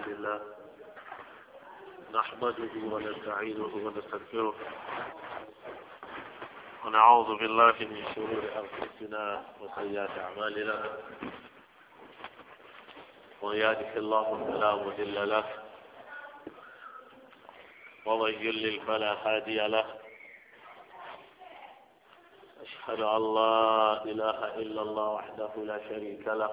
لله نحمده ونستعينه ونستغفره ونعوذ بالله من شرور أنفسنا وسيئات أعمالنا ومن يهده الله فلا مضل له ومن يضلل فلا هادي له أشهد أن لا إله إلا الله وحده لا شريك له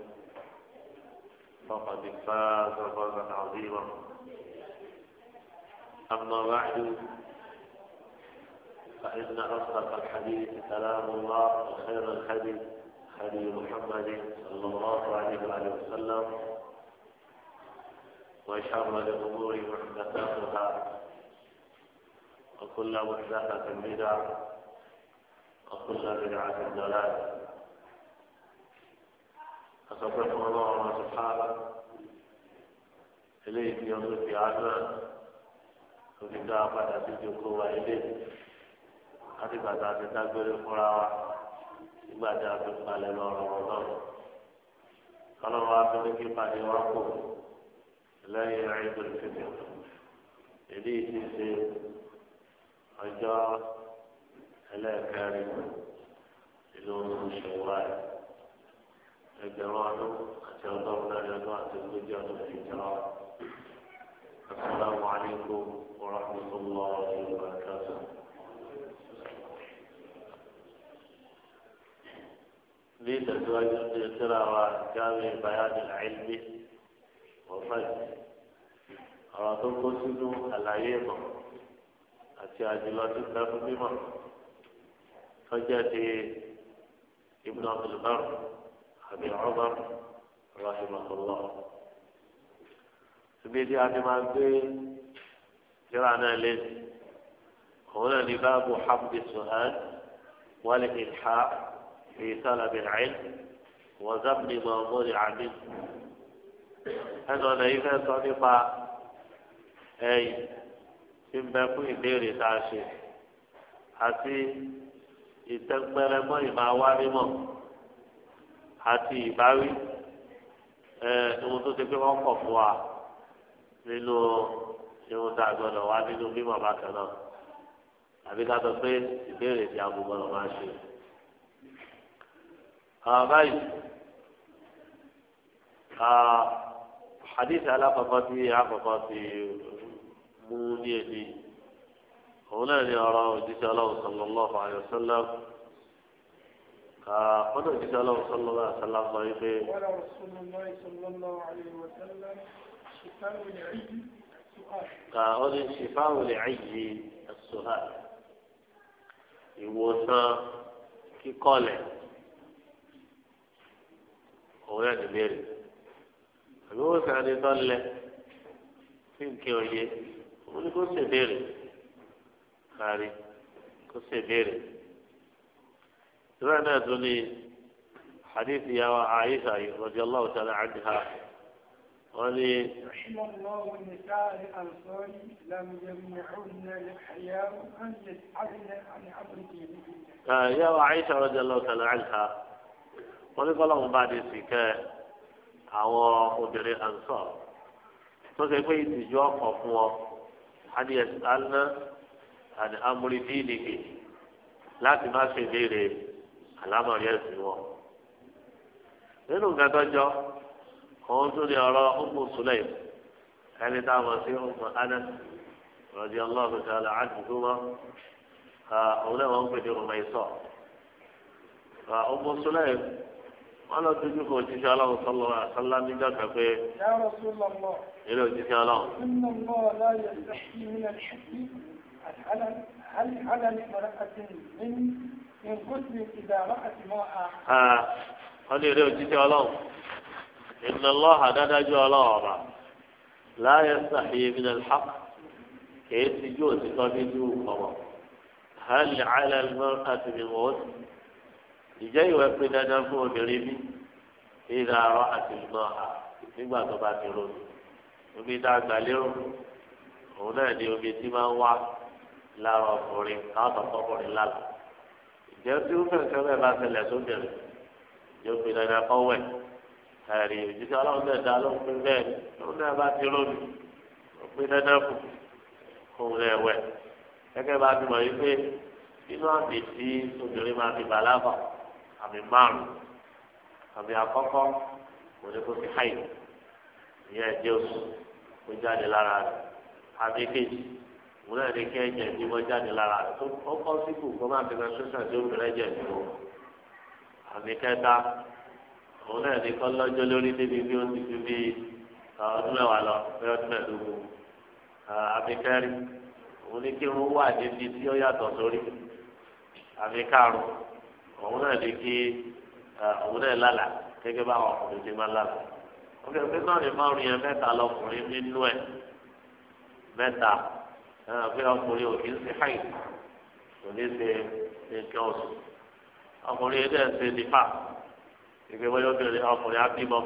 فقد فاز فوزا عظيما أما بعد فإن أصدق الحديث كلام الله وخير الحديث حديث محمد صلى الله عليه وآله وسلم وشر الأمور محدثاتها وكل محدثة بدعة وكل بدعة ضلالة àtọ́pẹ́ fún ọlọ́run ọmọ sọ̀tàrà eléyìí ni ọdún ti àdúrà òbí dá a padà sí ìjókòó wa ilé láti gbàgbà àti dágbére fúnra wa nígbà tí a fi palẹ̀ lọ́rọ̀ ọlọ́run ọlọ́run á fi ní kí pàdé wa kù lẹ́yìn ẹ̀ẹ́dùn fífi eléyìí ti ṣe ọjọ́ ẹlẹ́ẹ̀kẹrin ìlú ṣèwádìí ẹgbẹ̀rún ọdún àti ọgọ́rùn lọ́dún ọdún àti ogójì ọdún ti jọ. Asalaamu alaykum wa rahmatulahi wa barakatuh. Ní ìtẹ̀síwájú ní ìtura wa jáwé ìbáyáde àìlmí ọ̀fẹ́ ọ̀rọ̀ tó kó sínú àlàyé ìmọ̀ àti àjùlọ tó fẹ́ fún mímọ̀ tó ti Ibn Abdul Barr àbí Umar rahimahullah síbi tí a ti máa gbé jíra náà lé òun náà ní báàbù hamdi suhan wàlẹ ìlhà fi talab al-ilm wa zabni ma wuri'a minhu ẹnu ọ̀nà yìí fẹ́ sọ nípa ẹ̀yìn tí ń bẹ fún ìbéèrè tá a ṣe àti ìtẹ́gbẹ́rẹ́ mọ́ ìmọ̀ àwa mímọ́ àti ìbáwí ẹ ohun tó ṣe pé wọ́n pọ̀ fún wa nínú irun tá a gbọ́dọ̀ wá nínú mímọ̀ bákan náà àbí ká sọ pé ìbéèrè tí aago gbọ́dọ̀ máa ṣe. àwọn báyìí hadith alákọ̀ọ́kọ́ tí àkọ́kọ́ ti mú ní èdè òun náà ni ọ̀rọ̀ òjíṣẹ́ ọlọ́run sallallahu alaihi wasallam kọ́dọ̀ jíjẹ́ ọlọ́run sọ́lọ́ náà sọ́lá sọ wípé. ka ó ní ṣìfáwò lè ayé ẹ̀sùnà ìwòsàn kíkọ́lẹ̀ òun náà nìbéèrè àbí wọ́n sàn ní tọ́lẹ̀ tí nǹkan òye òun ni kò ṣèbéèrè kárí kò ṣèbéèrè. سمعنا تولي حديث يا عائشة رضي الله تعالى عنها ولي رحم الله النساء الأنصار لم يمنعن الحياء أن يسألن عن عبد يا عائشة رضي الله تعالى عنها ولي قال لهم بعد السكاء àwọn obìnrin ansọ tó ṣe pé ìtìjú ọkọ fún ọ adìyẹ alná àti amúlídìí nìkè àlámọ̀rí ẹ̀sìn wọn. nínú nǹkan tó jọ òun tún ní ẹni tá a mọ̀ sí ọmọ anas rọ̀jì ọlọ́run sàlà àdùgbò wọn òun náà wọ́n ń pè ní ọmọ ìsọ̀ ọmọ wọn lọ dojú kọ òjíṣẹ́ Ọlọ́run sọlọ àṣálá níjọ kan pé ilé òjíṣẹ́ Ọlọ́run wọ́n lè rí òjíṣẹ́ ọlọ́run inna Allaha dájú ọlọ́run ọ̀rọ̀ la yastahi min al-haqq kìí ti jó òtítọ́ nínú ọ̀rọ̀ hal 'ala al-mar'ati min ghus ìjẹ́ ìwé pé dandan fún obìnrin bí ìdá ọ̀rọ̀ àti ìgbọ́n ha nígbà tó bá ti rò omi dá gbàlérò òun náà ni omi tí máa ń wá lára ọkùnrin káwọn tó ọkùnrin lálàá jẹ́ tí ó fẹ́ẹ́ sọ́bẹ̀ bá ṣẹlẹ̀ sóbìnrin yóò fi dandan kọ́ wẹ̀ ẹ̀rí òjíṣẹ́ ọlọ́run náà dá lóhùn pé bẹ́ẹ̀ lóhùn náà bá ti rọ́ọ̀nù ó pé dandan kù kóhùn náà wẹ̀ gẹ́gẹ́ bá ti mọ̀ yí pé inú àmì tí obìnrin máa fi bàlágà àmì márùn-ún àmì àkọ́kọ́ kò ní kó fi háì ìyẹn ẹ̀jẹ̀ oṣù kó jáde lára rẹ̀ àmì kejì mo náà ní kí ẹ̀jẹ̀ ní wọ́n jáde lára rẹ̀ tó ọkọ̀ síkù kó má bẹ̀rẹ̀ sọ́sà tí ó bẹ̀rẹ̀ jẹ̀ ní o àmì kẹta mo náà ní kọ́ lọ́jọ́ lórí níbi bí ó ti fi bí ọdún mẹ́wàá lọ bí ọdún mẹ́ẹ̀ẹ́dógún àmì kẹrin mo ní kí wọ́n wà níbi tí ó yàtọ̀ sórí àmì karùn òun náà ní kí òun náà lálà gẹ́gẹ́ bá àwọn ọkùnrin ti máa lálà ọkùnrin náà ní márùn-ún yẹn mẹ́ta lọkùnrin nínú ẹ̀ mẹ́ta ẹnì pé ọkùnrin ò kì í ṣe háì kò ní ṣe nǹkan oṣù ọkùnrin yẹn dẹ̀ ṣe nípa ìgbẹ́ wọ́n yóò bèrè ọkùnrin abímọ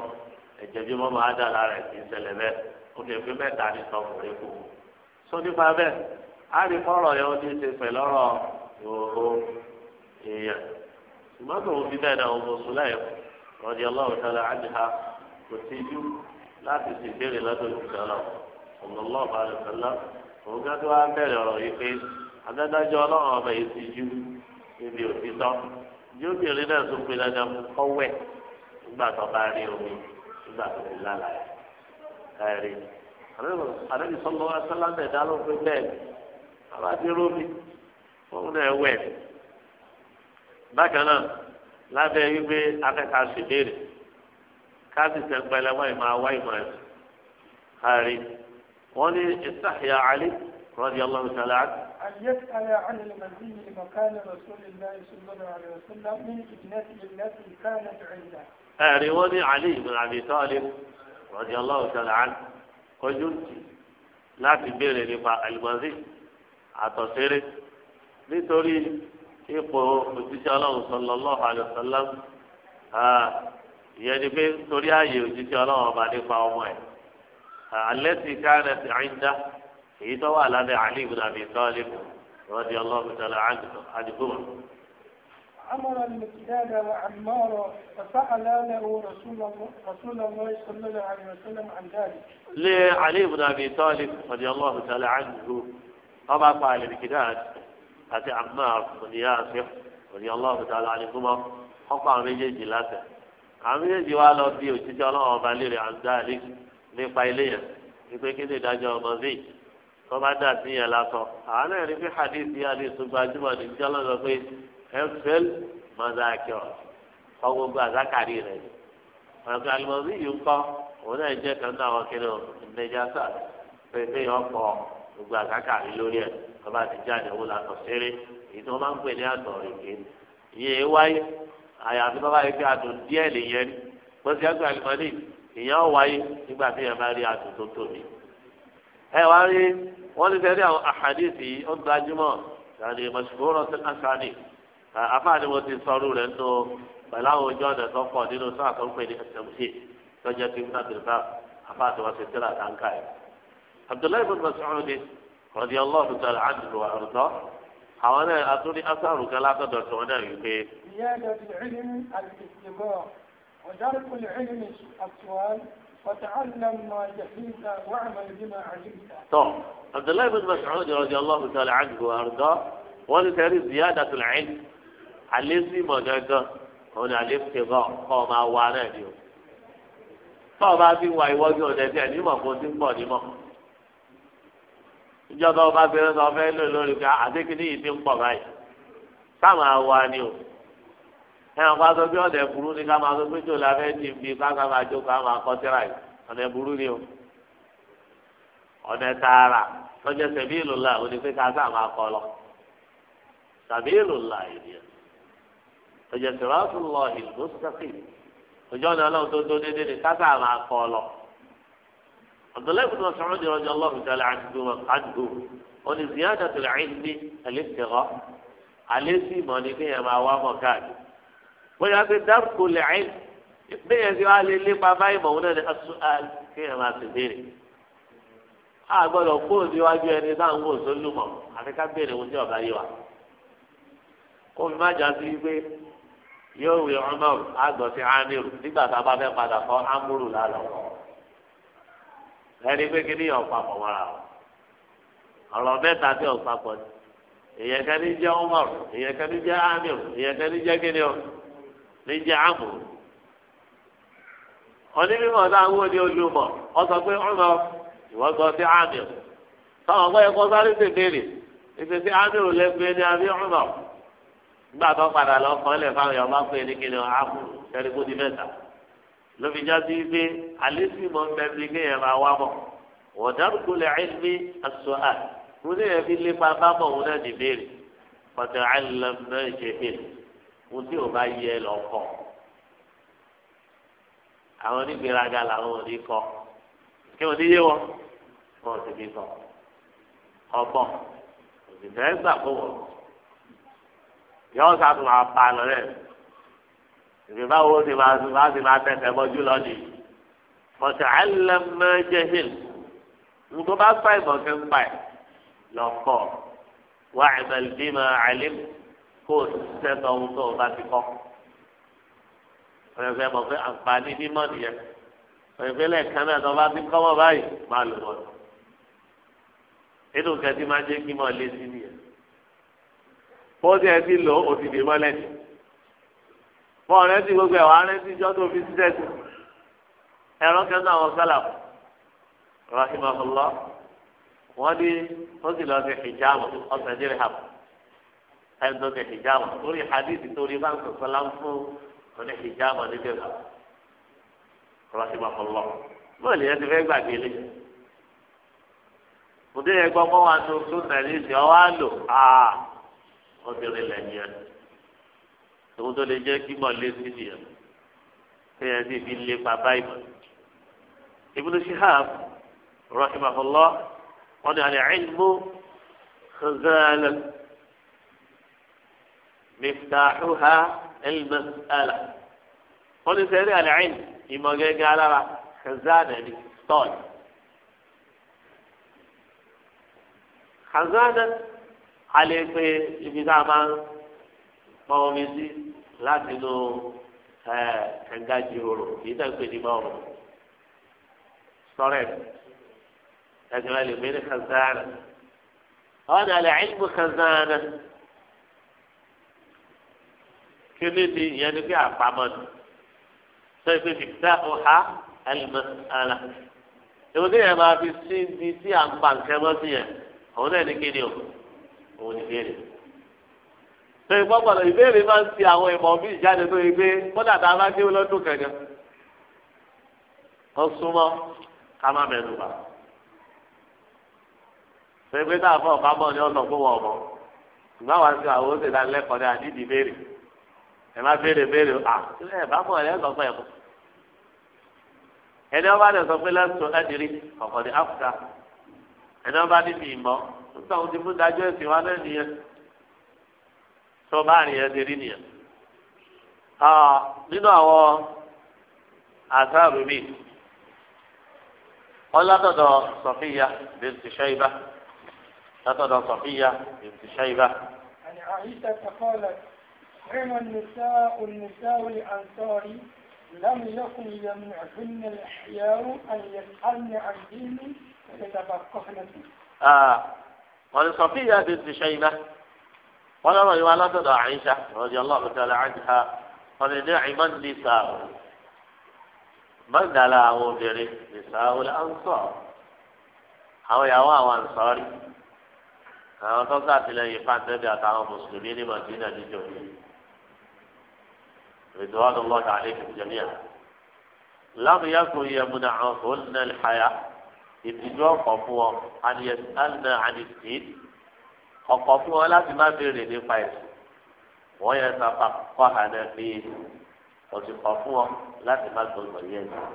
ẹ̀jẹ̀ bímọ máa dà lára ẹ̀ kì í ṣẹlẹ̀ bẹ́ẹ̀ ó lè pé mẹ́ta ní sọkùnrin kù sọ nípa bẹ́ẹ̀ á rí fọ́rọ̀ yẹn ó ní ṣe pẹ̀lú ọ̀rọ̀ ìhòòhò èèyàn ṣùgbọ́n tó ń fi bẹ́ẹ̀ náà ọmọ oṣù kò òun gán tó wá bẹ̀rẹ̀ ọ̀rọ̀ yìí pé adájọ́ ọlọ́run ọba yìí ti ju níbi òtítọ́ yóò bèrè náà tó pe dandan kọ́wẹ́ nígbà tó bá rí omi nígbà tó fi lálàyé káyọ̀rí àdébí sọ́lọ́ asálámẹ̀ dá ló pé bẹ́ẹ̀ ni bàbá ti rómi òun náà wẹ̀ bákan náà lábẹ́ wípé akẹ́kọ̀ọ́ àṣìbéèrè káàdì sẹ́ńpẹ́lẹ́mọ́ ìmọ̀ àwa ìmọ̀ ẹ̀sìn káyọ̀rí wọ́n ní ìsáhìá alẹ́ rọ́dí ọlọ́run sálá. àyẹ̀sálẹ̀ alẹ́ màdí ni màkàlẹ̀ rasulillah ṣùgbọ́n àrẹ rasulillah ní ìdílẹ́sì ìdílẹ́sì kánà tẹ̀lé. ẹ̀rí wọ́n ní alẹ́ ibn Abi Talib rọ́dí ọlọ́run sálá kọjú láti béèrè nípa àlùmọ́sí àtọ̀sẹ́rẹ́ nítorí ipò òjíṣẹ́ ọlọ́run sallallahu alaihi wasallam ìyẹn ni pé torí ààyè òjíṣẹ́ ọlọ́run ọba nípa ọmọ ẹ̀. التي كانت عنده في طوال هذا علي بن أبي طالب رضي الله تعالى عنه عنهما عمر المقداد وعمار فسأل له رسول الله رسول الله صلى الله عليه وسلم عن ذلك. لعلي بن ابي طالب رضي الله تعالى عنه طبعا فعل المقداد اتى عمار بن ياسر رضي الله تعالى عنهما حقا من جلاته عمي جواله بيو تجعله بالي عن ذلك nípa ilé yẹn wípé kí ni ìdájọ́ ọmọ sí tó bá dà sí yẹn lásán àwọn náà rí bí hadith yìí àti ìtúgbà jùmọ̀ ní jọ́lọ́ lọ pé ẹ̀fẹ́l mazakir ọgbọ́n gba zakari rẹ̀ ni ọ̀rọ̀kọ̀ alimọ̀sí yìí ń kọ́ òun náà jẹ́ kan náà kiri o ìmẹ̀jásá pépé ọ̀pọ̀ gbogbo zakari lórí ẹ̀ ọba ti jáde owó làtọ̀ sẹ́rẹ́ èyí tí wọ́n máa ń pè ní àtọ̀ rèké iye wáyé àyàfi bábá yìí pé àdùn díẹ̀ lè yẹ ẹgbẹ́ alimọ̀sí ìyẹn ó wáyé nígbà tí yẹn bá rí adùn tó tóbi ẹ wá rí wọn ti tẹ̀lé àwọn àhàdìsì ó gbajúmọ̀ yàrá ìmọ̀sùkúrọ̀ sí kásánì afáàní mo ti sọrú rẹ̀ nínú pẹ̀lú àwọn ojú ọ̀nà tó pọ̀ nínú sáà tó ń pè ní ẹ̀sẹ̀mùsì lọ́jọ́ tí wọ́n ti bá afáàtì wọn ti tẹ́lẹ̀ àtàǹkà yẹn. abdullahi bin mas'ud radiyallahu ta'ala anhu wa arda àwọn náà atúndí asáàrù kan ودرك العلم السؤال وتعلم ما جهلت واعمل بما علمت. طب عبد الله بن مسعود رضي الله تعالى عنه وارضاه ولتري زيادة العلم علم ما جاء هنا الابتغاء قام وانا اليوم tọ́ọ̀bá fi wà ìwọ́jú ọ̀dẹ tí ẹ̀ní mọ̀ kó ti ń bọ̀ nímọ̀. ìjọba ọba bẹ̀rẹ̀ sọ fẹ́ lò lórí ká ẹ̀wọ̀n kó aṣọ bí ọ̀dẹ̀ burú ni ká máa sọ pé jòlá fẹ́ ti fi káká máa jó ká máa kọ́ síra yìí ọ̀dẹ̀ burú ni o ọ̀dẹ̀ tààrà lọ́jọ́ sẹ̀bí ìlú la òní pé káká máa kọ́ lọ sàbí ìlú la ìdí ẹ̀ ọ̀jẹ̀ sọ̀rọ̀ lọ ìlú sẹ́kì ọjọ́ ni ọlọ́run tó tó dédé ni káká máa kọ́ lọ ọ̀dọ̀lẹ́kùn sọ̀rọ̀ di ọjọ́ ọlọ́run tẹ́lẹ̀ àdúgbò ọ̀nì ziyadatul ilmi al-istigha àlẹ́ sí ìmọ̀ ni kéèyàn máa wá mọ̀ káàkiri bóyá pé dárúkọ lẹ́yìn ìpínyẹ̀ tí wàá lé lépa báyìí mọ̀ wọn ní asúhàlì kí ẹ̀ máa ti béèrè. a gbọ́dọ̀ kó níwájú ẹni táwọn wò sólùmọ̀ àti ká béèrè wọn tí ọ̀gá yìí wà. kó mi má jà sí pé yóò wí ọmọ àgbọ̀ sí amiru nígbà tá a bá fẹ́ padà kọ́ amúrù lálọ́ ẹni pé kí ni ọ̀pá pọ̀ mọ́ra ọ̀rọ̀ mẹ́ta tí ọ̀pá ni èyẹ̀kẹ́ ní jẹ́ ọmọ èyẹ̀kẹ́ ní jẹ́ amiru èyẹ̀kẹ́ ní jẹ́ kí ni níjẹ àmù onímọ̀ táwọn ní olùmọ̀ wọ́n sọ pé ọmọ ìwọ́n gbọ́ sí àmì táwọn ọgbọ́n ẹ̀kọ́ sáré ti béèrè ìpè sí àmì ò lẹ́gbẹ̀ẹ́ ní àmì ọmọ nígbà tó padà lọ kàn lẹ̀ fáwọn èèyàn bá pè ní kíni àmù tẹ́lifù di mẹ́ta ló fi já sí pé àlésì mọ́ mẹ́bí kéèyàn máa wá mọ̀ wọ́n dárúkọ lẹ̀ ẹ́ẹ́dì aṣọ à wọ́n ní ẹ̀fí lépa bá mọ̀ ohun tí ò bá yẹ lọ́kọ̀ àwọn onígbèéraga làwọn ò ní kọ kí wọn ní yé wọn wọn ò sì ní kọ ọgbọ́n òṣìṣẹ́ gbà kó wọn yọ sàtò máa pa lọ rẹ ìgbìmọ̀ wo ti máa ti máa ti máa tẹ̀sẹ̀ mọ́jú lọ́dún ọ̀sẹ̀ àlẹ́mọ́ jẹ́hìn nǹkan bá fà ìmọ̀ kí ń pa ẹ̀ lọ́kọ̀ wà ìmọ̀lẹ́dìmọ̀ àlẹ́mọ́ kó o sì sẹ́tọ̀ ohun tó o bá ti kọ́. ọ̀rẹ́fẹ́ mọ̀ pé àǹfààní mímọ́ nìyẹn ọ̀rẹ́fẹ́ lẹ́ẹ̀kan náà tó o bá ti kọ́ mọ́ báyìí máa lò wọ́n. inú kẹ́tí máa jẹ́ kí mọ́ lé sí nìyẹn. bó ti ẹ ti lò ó ti dè mọ́lẹ̀ ni. bọ́ ọ̀rẹ́ ti gbogbo ẹ̀wọ̀ arẹ́ ti jọ́ tó fi ṣiṣẹ́ sí. ẹ̀rọ kẹ́ńtà àwọn sálà rahimahullah wọ́n ní ó sì lọ sí hijab ọ̀sẹ̀ ẹnitọ́ ní hijabu lórí hadithi torí bá ń sọ̀sọ́ la ń fún oní hijabu níbẹ̀ lọ. rahimahulọ bóyá ìyẹn ti fẹ́ gbàgbé lé. òde yẹn gbọ́ mọ́ wa tó tó nàlẹ́ ìsìn ọwọ́ á lò áà obìnrin lẹ́yìn ẹ̀. tòun tó lè jẹ́ kí mọ̀ lé sí nìyẹn. kéèyàn sì fi lé pa báyìí. ibùdó shihab rahimahulọ wọn ni àlẹ́ ah, oh, ilmu khazalẹ̀ miftahuha al-mas'ala wọ́n ní sẹ́rí àlẹ́yìn ìmọ̀ gẹ́gẹ́ alára kazana ni stọ́ọ̀lì. kazana alẹ́ pé ibi tá a máa ń pọ́n omi sí láti nu kànga jíròrò kì í tẹ̀ pé ní bọ́ọ̀lù sọ́rẹ́ ẹ̀sìn alẹ́ pé ní kazana. wọ́n ní àlẹ́ ilmu kazana kíni ni ìyẹn ni pé àpamọ́ ni sọ pé fìtá ọ̀há àlùmọ́sálà èwo tí yẹn máa fi sí ibi tí à ń pa nǹkan mọ́ sí yẹn òun náà ní kíni o òun ní ìbéèrè sọ ìgbọ́gbọ́n ìbéèrè máa ń ti àwọn ìmọ̀ bí ìjáde tó yẹ pé kódà tá a bá dé lọ́dún kẹjọ ó súnmọ́ ká má mẹ́nu bá sọ pé táà ọ̀pá mọ́ ni ọ̀sán fún ọ̀mọ́ ìgbà wá sí àwọn ó sì dá àdídì ìbéèrè ẹ má béèrè béèrè à ẹ bá mọ̀ ẹ sọ pé ẹ kú ẹni ọba dẹ sọ pé lẹsùn ẹdìrí ọkọdé áfíríkà ẹni ọba níbi ìmọ̀ nígbà wo ti mú dájọ́ ẹ̀sìn wa náà nìyẹn tó bá rìn yẹn dérí nìyẹn. nínú àwọn àtàrò mi wọn látọ̀dọ̀ sọfíya bínti ṣáíbà látọ̀dọ̀ sọfíya bínti ṣáíbà. àyà àyíṣà kọ́kọ́ lẹ́yìn. حين النساء النساء الأنصاري لم يكن يمنعهن الأحياء أن يسألن عن ديني ويتفقهن فيه. آه ولصفية بنت شيبة ولما يولد عائشة رضي الله تعالى عنها قال نعم النساء من دلاه بره نساء الأنصار أو واو أنصاري أنا tó sàtìlẹ́yìn fún àtẹ̀bí àtàwọn mùsùlùmí ní رضوان الله عليكم جميعا لم يكن يمنعهن الحياة ìdíjọ́ ọkọ̀ fún ọ alẹ́ àdìsí ọkọ̀ fún ọ láti má béèrè nípa ẹ̀sìn wọ́n yẹ sábà kọ́ àná bí ọ̀sìnkọ̀ fún ọ láti má gbọ́dọ̀ yẹ ẹ̀sìn.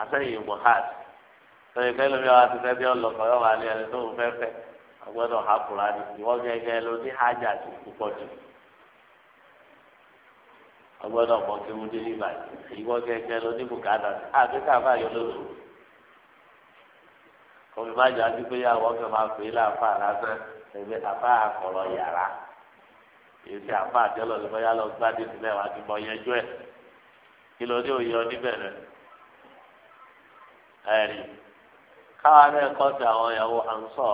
àtẹ̀yìn mohad sọ̀rọ̀ ìfẹ́ lómi ọ̀hún àti fẹ́ bí ọlọ́kọ̀ yọ̀ wà ní ẹni tó ń fẹ́ fẹ́ ọgbọ́dọ̀ hàkùrà ni ìwọ́n gẹ́gẹ́ ló ní hájà tó púpọ̀ jù ọgbọ́dọ̀ mọ kí wọ́n délé báyìí ìwọ kẹ̀kẹ́ lọ ní bùkátà àti káfá yọ lọ́dọ̀ kọ́mi má jọ àti pé yàwó ọkẹ́ máa pè é láàfà lásán ẹgbẹ́ àfà àkọ̀rọ̀ yàrá èyí àfà àjọlọ ló bọ́yá lọ gbádùn sílẹ̀ wá ti mọ yẹjú ẹ̀ kí ló dé òye oníbẹ̀rẹ̀ ẹ̀rí káwa náà kọ́ sí àwọn ìyàwó ànsọ̀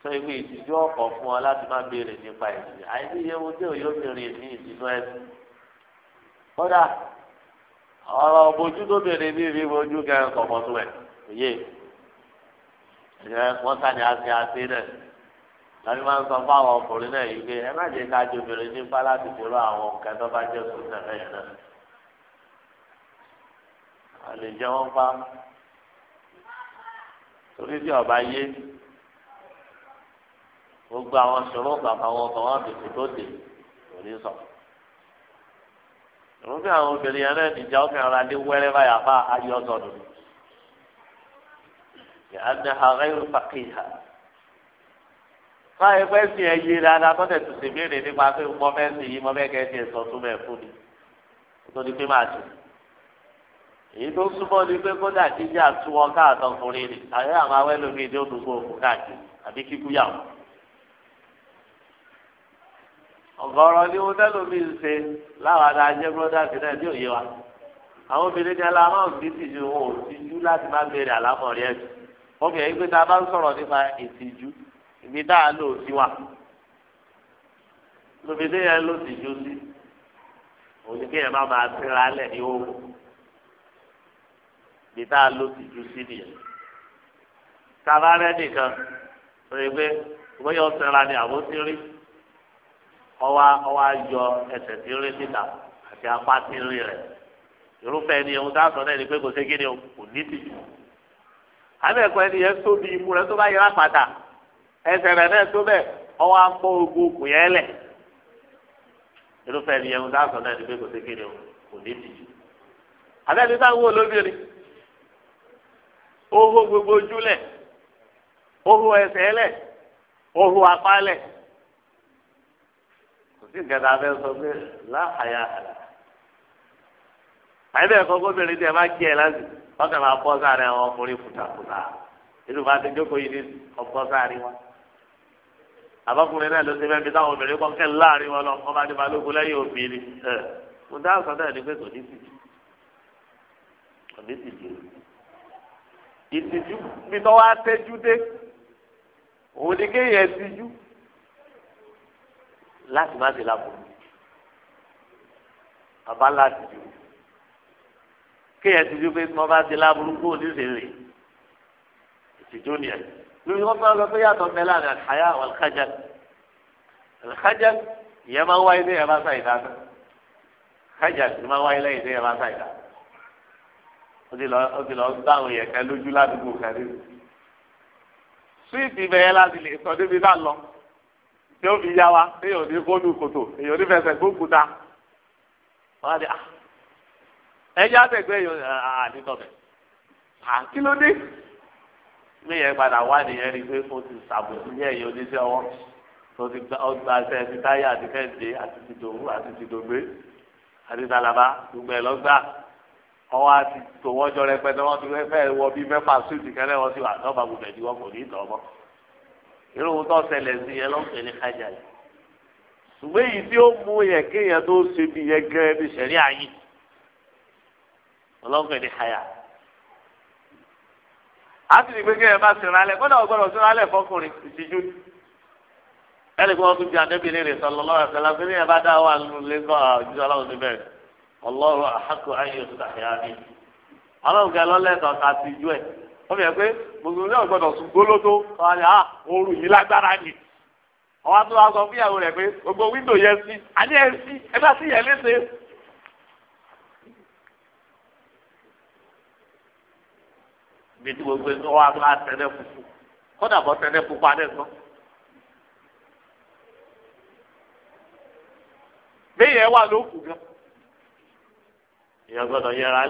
tó ìwé ìtìjú ọ̀pọ̀ fún ọ láti má béèrè nípa ìsìn àìníyẹwò tí òye obìnrin ní ìsinú ẹ̀sìn kódà ọ̀rọ̀ bojú tó bèrè ní ìrí bojú kẹrin kọ̀ọ̀kan tó ẹ̀ òye ẹ̀ wọ́n sani àti àti rẹ̀ lọ́ni máa ń sọ fáwọn ọkùnrin náà yìí pé ẹ má jẹ́ ká jobìnrin nípa láti dúró àwọn nǹkan tó bá jẹ́ sùn náà lẹ́yìn náà a lè jẹ́ wọ́n pa torí tí ọba yé gbogbo àwọn ṣòro bàbá wọn kàn wọ́n tètè tó dé òní sọ̀rọ̀. òun fún àwọn obìnrin yẹn náà nìjà ọkàn ara ní wẹ́rẹ́ báyà bá ayé ọ̀sọ̀dù yàrá ní ara yóò fàkì hà fáyé pẹ́ fi ẹ yé dáadáa tó tẹ̀sí sí béèrè nípa pé mo fẹ́ sí yìí mo fẹ́ kẹ́ ẹ ti sọ èyí tó súnmọ́ ni pé kódà jíjà fún rí ni àyẹ́ àwọn awẹ́lómi ìdí òkú ọ̀gọ̀rọ̀ ni mo tẹ́lẹ̀ mi ń ṣe láwọn adá jẹ́ bọ́dá sí náà tí ò yé wa àwọn obìnrin ní ala máa ń bí tìjú wọn ò tìjú láti má béèrè àlámọ̀rí ẹ̀sìn wọ́n fi hàn pé tá a bá ń sọ̀rọ̀ nípa ìtìjú ìbí tá a lò sí wa lóbi tí yẹn ló tìjú sí òní kí yẹn má máa tẹ́ra lẹ̀ ní òwò ìbí tá a lò tìjú sí nìyẹn tá a bá rẹ́ nìkan lórí pé bóyá ó tẹ́ra ni àbó ti rí. ọwọ́ ọwọ́ ayọ ẹsẹ̀ tí ń rí síta àti apá tí ń rí rẹ̀ irúfẹ́ ni ohun tá sọ náà ni pé kò kí ni kò ní ẹni yẹn tó bí rẹ tó bá yẹra pàtà ẹsẹ̀ rẹ̀ náà tó bẹ́ẹ̀ ọwọ́ akpọ̀ ogun náà ni pé kò gbogbo ojú ó hó sí nǹkan tá a fẹ́ sọ pé láàyà àlà àyẹ̀bẹ̀ ẹ̀kọ́ gómìnà tí ẹ bá kí ẹ láti wọ́n kàn máa bọ́ sáré àwọn ọkùnrin fùtàfùtà inú bá ti jókòó yìí ní ọ̀pọ̀ sáré wọn àbọ̀kùnrin náà ló ti fẹ́ fi táwọn obìnrin kọ́ kẹ́ láàrin wọn lọ kọ́ bá ti máa lóko lẹ́yìn obìnrin ẹ̀ mo dá àṣà náà ní pé kò ní tìjú kò ní tìjú ìtìjú mi tọ́ wá tẹ́jú dé òun ni kéèyàn tìjú láti má ti lápò bàbá láti jù kéèyàn ti ju pé tí wọn bá ti láburú kó o ní sèrè ìtìjú ni ẹ lórí wọn bá lọ pé yàtọ̀ mẹ́lá ni àkàyà àlùkájà àlùkájà ìyẹn máa ń wáyé ní ìyẹn bá sá ìdá náà kájà ìyẹn máa ń wáyé lẹ́yìn ní ìyẹn ìdá ó ti lọ ó ti lọ bá àwọn èèyàn kan lójú ládùúgbò kan ní. síìtì bẹ́ẹ̀ láti lè sọ débi bá lọ tí fi yá wa èèyàn ní fóònù kòtò èèyàn ní fẹsẹ̀ gbókùtà wọn á di ah ẹ̀yà àtẹgbẹ èèyàn ah nítọbẹ ah kí ló dé mí yẹn padà wá nìyẹn rí pé ó ti sàbòsí ní ẹ̀yìn oníṣẹ́ ọwọ́ tó ti gba ẹsẹ̀ ti táyà àti kẹ́hìndé àti ti dòwú àti ti dògbé àti tàlàbà gbogbo ẹ̀ lọ́gbà ọwọ́ àti tòwọ́jọ rẹpẹtẹ wọn ti fẹ́ wọ bí mẹ́fà sùn ti wọn ti wà lọ́ba gbogbo ẹ̀ irú tó ṣẹlẹ̀ sí yẹn ló ń pè ní kájà yìí ṣùgbọ́n èyí tí ó mú yẹn kéèyàn tó ṣe bí yẹn gẹ́gẹ́ bí sẹ̀rí ayé ọlọ́pẹ̀ ní káyà á sì ní pé kéèyàn bá sinra alẹ́ kódà ọgbọ́dọ̀ sinra alẹ́ fọkùnrin ìtìjú ni ẹnì kí wọ́n tún bí adébìnrin rẹ̀ sọ̀rọ̀ lọ́wọ́ ẹ̀fẹ́ lásán ní ẹ̀bá dá wà nínú ilé kọ́ àjùsọ aláwọ̀ ti ọlọ́run àhàkù ayé òṣìṣẹ́ àyà ni ọlọ́run kẹ́ lọ́lẹ́tọ̀ọ́ ká ti ju ẹ̀. wọ́n fi hàn pé mùsùlùmí náà gbọ́dọ̀ sùn gbólótó wọ́n á ní à ah, oru yìí lágbára ni àwọn àti wọn sọ rẹ̀ pé gbogbo wíńdò yẹn sí àní ẹ̀ sí ẹ bá sí yẹn léṣe. tí gbogbo ẹni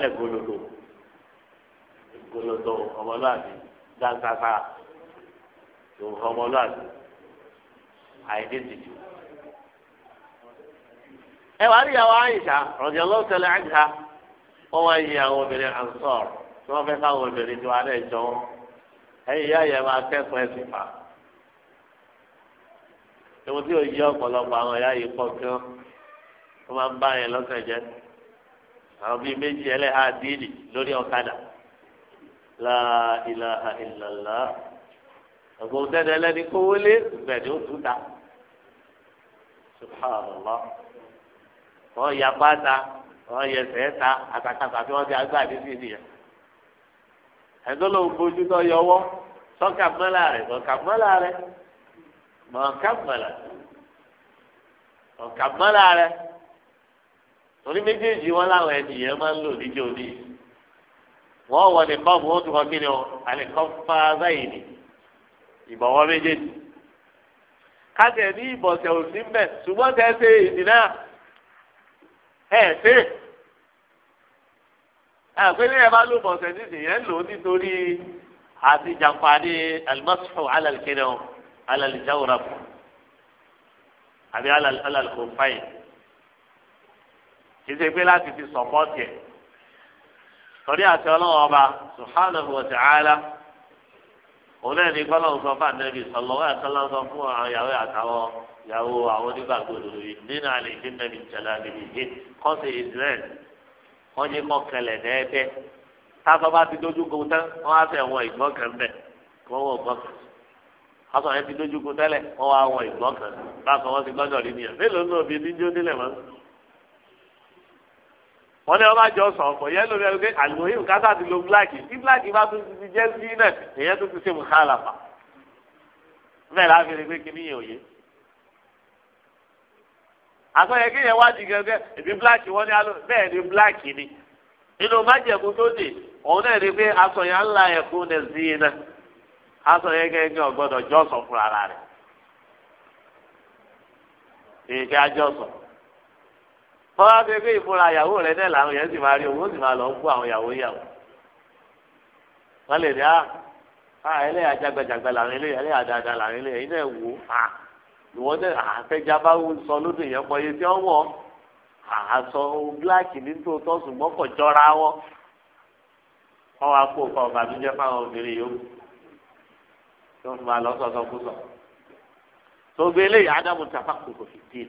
fufu fufu sọ. gbọlọdọ ọmọlúwàbí dáńtàkà tó ọmọlúwàbí àìdẹ́tìtì. ẹ wàá rí àwọn àyíṣà rọ̀jò lọ́sẹ̀lẹ̀ àyíṣà wọ́n wá yí àwọn obìnrin ansọ́r tí wọ́n fẹ́ káwọn obìnrin tó ẹ̀yìn máa kẹ́kọ̀ọ́ fà. tí yóò yí ọ̀pọ̀lọpọ̀ àwọn yìí pọ̀ kí wọ́n máa ń bá yẹn lọ́sẹ̀ jẹ́ àwọn la ilaha illallah ọgbọ́n dẹdẹ lẹni kó wọlé bẹ́ẹ̀ ni ó tún ta subhanallah wọn yà pátá wọn yẹ sẹẹta àtàkàtà tí wọn ti agbá àdé sí nìyẹn ẹgbẹ́ ló ń bójú tó yọwọ́ sọ́kà mọ́lá rẹ̀ ọ̀kà mọ́lá rẹ̀ mọ̀ọ́kà mọ́lá ọ̀kà mọ́lá rẹ̀ torí méjèèjì wọn làwọn ènìyàn máa ń lò níjọ́ níyì wọ́n wọ ní kọ́ọ̀bù ó tún kọ́ kí ni o àlè kọ́fà báyìí ni ìbọ̀wọ́ méjèèjì kájẹ̀ ní ìbọ̀sẹ̀ ò sí mbẹ̀ ṣùgbọ́n tẹ́ ṣe ìdì náà ẹ̀ ṣe àpẹẹrẹ ẹ bá ló bọ̀sẹ̀ nídìí yẹn lò ó nítorí àti jàǹfààní alimọ́sùn alàlùkẹ́ni o alàlùjáwòrán fún àbí alàlùkọ̀ọ́fáyì kì í ṣe pé láti fi sọ̀pọ́ọ̀tì ẹ̀ torí àti ọlọ́wọ́ ọba subhanahu wa ta'ala òun náà ní kọ́lọ́ sọ fún ànábì sọlọ́wọ́ àtàlọ́ sọ fún àwọn ìyàwó àtàwọn ìyàwó àwọn onígbàgbọ́ lórí nínú àlè tí nàbì jẹlá níbi yìí kọ́sì israel wọ́n yé kọ́ kẹlẹ̀ dẹ́ẹ́dẹ́ táwọn bá ti dojú kó tán wọ́n á fẹ́ wọn ìgbọ́n kan bẹ̀ wọ́n wọ ìgbọ́n kan aṣọ yẹn ti dojú kó tẹ́lẹ̀ wọ́n wá wọn ìgbọ́n kan bákan wọ́n ní ọba jọ sàn ọ̀pọ̀ yẹn lórí ẹgbẹ́ àlùmọ́yìn kásá ti lo bíláàkì tí bíláàkì bá tún ti jẹ́ sí náà èyẹ tó ti ṣe mú kálà fà bẹ́ẹ̀ láti rí pé kíní yẹn ò yé. àtọ́yẹ kí yẹn wádìí gẹ́gẹ́ èmi bíláàkì wọ́n ní alo bẹ́ẹ̀ ni bíláàkì ni nínú májẹ̀kú tó dé òun náà rí pé aṣọ ńlá yẹn ní sí iná aṣọ gẹ́gẹ́ ọ̀gbọ́dọ̀ jọ́sọ̀ fúnra rẹ̀ èyí fọwọ́ pé pé ìfúnra ìyàwó rẹ náà làwọn yẹn sì máa rí òun sì máa lọ kó àwọn ìyàwó yàwó wọ́n lè ní à ah, ah, ẹlẹ́yà jagbajàgba làwọn eléyà ẹlẹ́yà dáadáa làwọn eléyà iná ẹ̀ wò à ah, ìwọ́n náà àfẹ́jà bá sọ lóde yẹn pọ̀ yé tí wọ́n wọ̀ àṣọ bíláàkì ní tòótọ́ ṣùgbọ́n kò jọra wọn wọ́n wá kó ọkọ̀ ọ̀gá fáwọn obìnrin yòókù tó ń fa lọ́sọ̀ọ́sọ kú sọ. tó gbé eléyà ádámù tàfà kò kò fi dé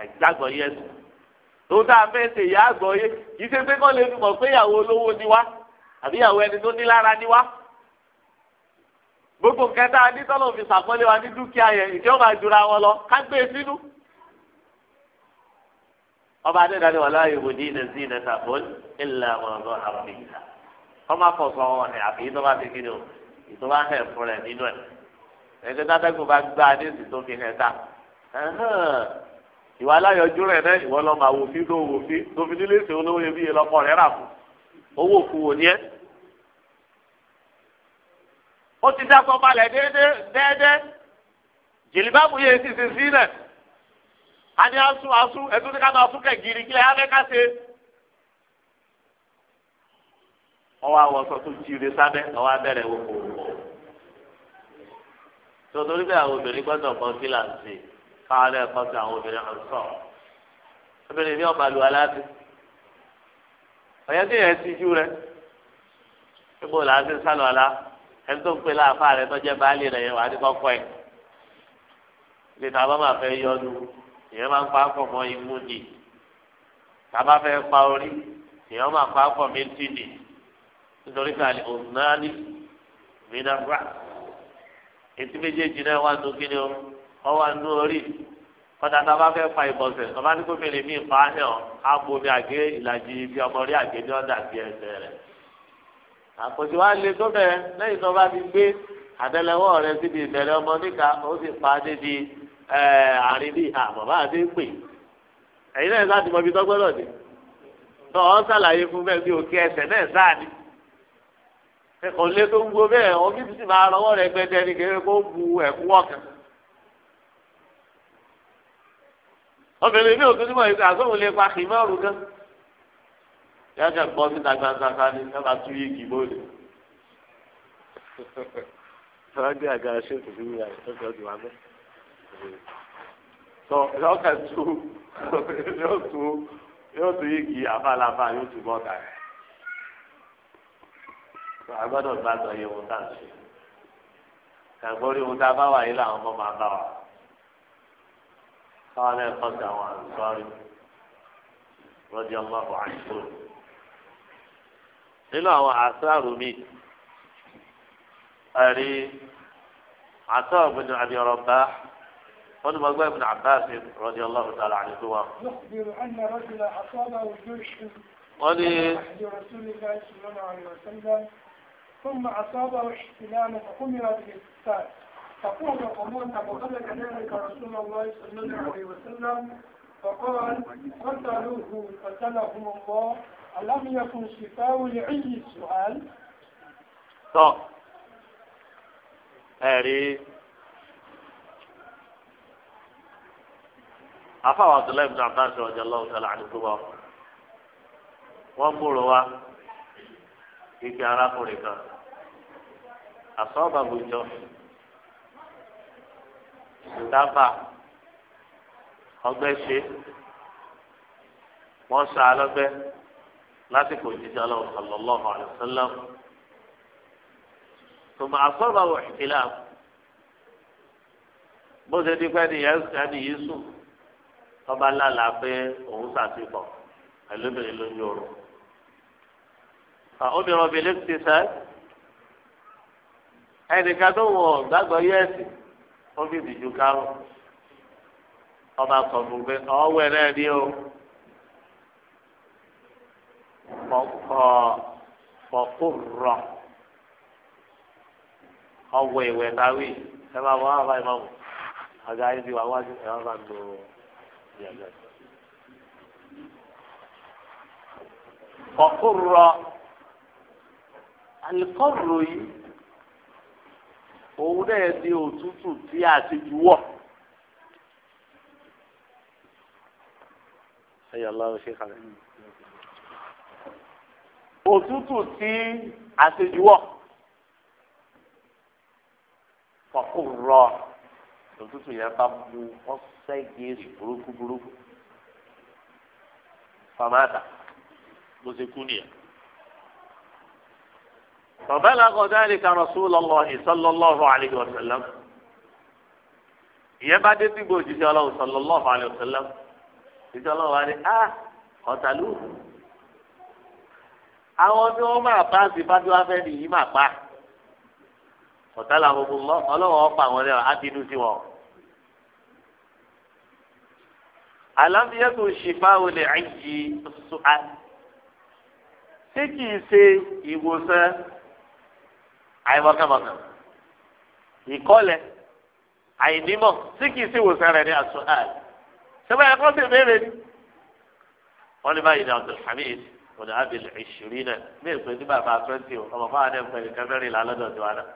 àìgbàgbọ́ yẹ́sùn tòun tá a fẹ́ ṣe ìyá àgbọ̀ yé kì í ṣe pé kán lè fi mọ̀ pé ìyàwó olówó ni wá àbí ìyàwó ẹni tó ní lára ni wá. gbogbo nǹkan tá a ní tọ́lọ̀ fi ṣàpọ́nlé wa ní dúkìá yẹn ìjọ máa jura wọn lọ ká gbé e sínú. ọba adéda ni wàlá ìwò ní ilẹ̀ sí ilẹ̀ tàbọn ilẹ̀ àwọn ọ̀dọ́ àfíìsà kọ́ máa fọ̀sọ̀ wọn ni àfi ìtọ́ bá fi kí ìwà aláyọjú rẹ̀ náà ìwọ lọ máa wò fí ló wò fí tó fi nílé ìsìn olówó yẹn bí iye lọkọ rẹ̀ rà fún owó òkú wò ní ẹ. ó ti dákọ balẹ̀ déédéé jìlìbáàbù yẹn sì ṣe sílẹ̀ a ní asú asú ẹtú ní ká máa sún kẹ̀ gírí kílẹ̀ abẹ́ ká ṣe. ọwọ́ àwọn sọ tó jíire sábẹ́ ọwọ́ abẹ́rẹ́ wò kò wò. tòtòrí bẹ́ẹ̀ àwọn obìnrin gbọ́dọ̀ kan fílà ń ṣe fáálẹ̀ ẹ̀kọ́ sí àwọn obìnrin àǹsọ̀ obìnrin ní ọ̀bàlù aláàbí ọ̀yẹ́ tí yẹn ti jú rẹ níbo là á ti sálọ ọ̀la ẹni tó ń pè láàfà rẹ tó jẹ́ baálé rẹ yẹn wà á ti kọ́kọ́ ẹ̀ lè ta bá máa fẹ́ yọnu ìyẹn máa ń pa pọ̀ mọ́ imú ni tàbá fẹ́ pa orí ìyẹn máa pa pọ̀ méjì ni nítorí pé àlè òun náà ní mí náà rà ètí méjèèjì náà wà ní kíni o ọwọ́ àánú orí kọ́tà tá a bá fẹ́ fa ìbọ̀sẹ̀ ọba ní gómìnà mi pa á hẹ̀ ọ́ á bomi àgé ìlàjì ibi ọmọ rí àgé ní ọ̀dà sí ẹsẹ̀ rẹ̀. àpòjù wa lè tó bẹ̀ lẹ́yìn tó bá ti gbé àtẹ́lẹwọ́ rẹ̀ síbi ìbẹ̀rẹ̀ ọmọ níka ó sì pa á débi àárín bíi àbọ̀bá àti pè. ẹ̀yin náà sáà ti mọ ibi tó gbọ́dọ̀ dé. tó ọ sàlàyé fún bẹ́ẹ̀ bí òkè ẹsẹ̀ náà sáà ni. kò lè tó ń gbó bẹ́ẹ̀ ọ obìnrin mi ò tún nímọ̀ ìgbà àgbọ̀n lè pa kìmọ́ọ̀rù gan. yájà gbọ́ síta gbansansa ni sábà tún yí kì bóde. sọ́wọ́n gbé àga ṣé kò sí wíwá yìí lọ́sọ̀ọ́ ti wá bẹ́ẹ̀. sọ lọ́kà tú yóò tú yóò tú yí kì àfàlàfà yóò tú bọ́ọ̀tà rẹ̀. àgbọ̀dọ̀ gbàgbọ́ yẹ wọn tá a ṣe. kàgbọ́rí wọn tá a bá wà yìí làwọn ọmọ máa bá wa. قال قد عن أنصار رضي الله عنهم إلى وعثار مين أري عثار بن أبي رباح قال مولى ابن عباس رضي الله تعالى عنهما يخبر أن رجلا أصابه جيش قال رسول الله صلى الله عليه وسلم ثم أصابه احتلال فأمر بالقتال تقول قوم فقتل كذلك رسول الله صلى الله عليه وسلم فقال قتلوه قتلهم الله ألم يكن شفاء لعي السؤال؟ طب أري afa wa abdullahi ibn abbas radiyallahu ta'ala anhu wa wọn gbòòrò wa ike arákùnrin kan asọ́ba ìdábà ọgbẹ́ ṣe wọ́n sá a lọ́gbẹ́ lásìkò jíjẹ́ ọlọ́run sallallahu alaihi wasallam tòmọ àsọ̀rọ̀ àwọn ìkìlá bó ṣe di pẹ́ nìyẹn nìyí sùn tọ́ba lálà pé òun ṣàtìpọ̀ pẹ̀lú obìnrin lójú oorun. obìnrin obìnrin ti sẹ́ ẹnìkan tó wọ̀ gbàgbọ́ yẹ́sì ó fi ìdíjú kárò ọba sọ pé ọwọ́ ẹ̀ náà ní o fọkùrọ̀ ọwọ́ ìwẹ̀ táwí ẹ máa wọ́n àbá ìmọ̀ wò àga ayé ti wà wájú ẹ̀ wọ́n bá ń lo ìyàgbẹ́. fọkùrọ̀ alikọ́rọ̀ yìí òun náà ní òtútù tí àṣejù wọ̀. òtútù tí àṣejù wọ̀ kọ̀kọ́ rọ òtútù yẹn bá mu ọ̀sẹ̀ gírì burúkú burúkú fàmáàtà bó ṣe kú nìyẹn. فبلغ ذلك رسول الله صلى الله عليه وسلم ìyẹn bá dé sí gbòòjì sí ọlọ́run sallallahu alaihi wasallam ìjọ ọlọ́run wa ni a ah, ọ̀tàlú àwọn tí wọ́n máa bá ti bá tí wọ́n fẹ́ nìyí máa pa ọ̀tàlá gbogbo mọ́ ọlọ́run ọ̀pá àwọn ẹ̀rọ á bínú sí wọn. àlàbíyẹ́tò ṣìfáwò lè àìjì ṣùgbọ́n ṣé kìí ṣe ìwòsàn àìmọ̀kànmọ̀kàn ìkọ́lẹ̀ àìnímọ̀ tí kìí sí ìwòsàn rẹ̀ ní àtúntò ààrẹ sẹ́fẹ̀ ẹ̀kọ́ sì béèrè ni. wọ́n ní báyìí ní Abdulhamid ọ̀nà abil ìṣirí náà ní èpè ní bàbá twenty o ọmọ fáwọn ẹ̀ ń pẹ̀lú kẹfẹ́rin lálọ́dọ̀ tó wà náà.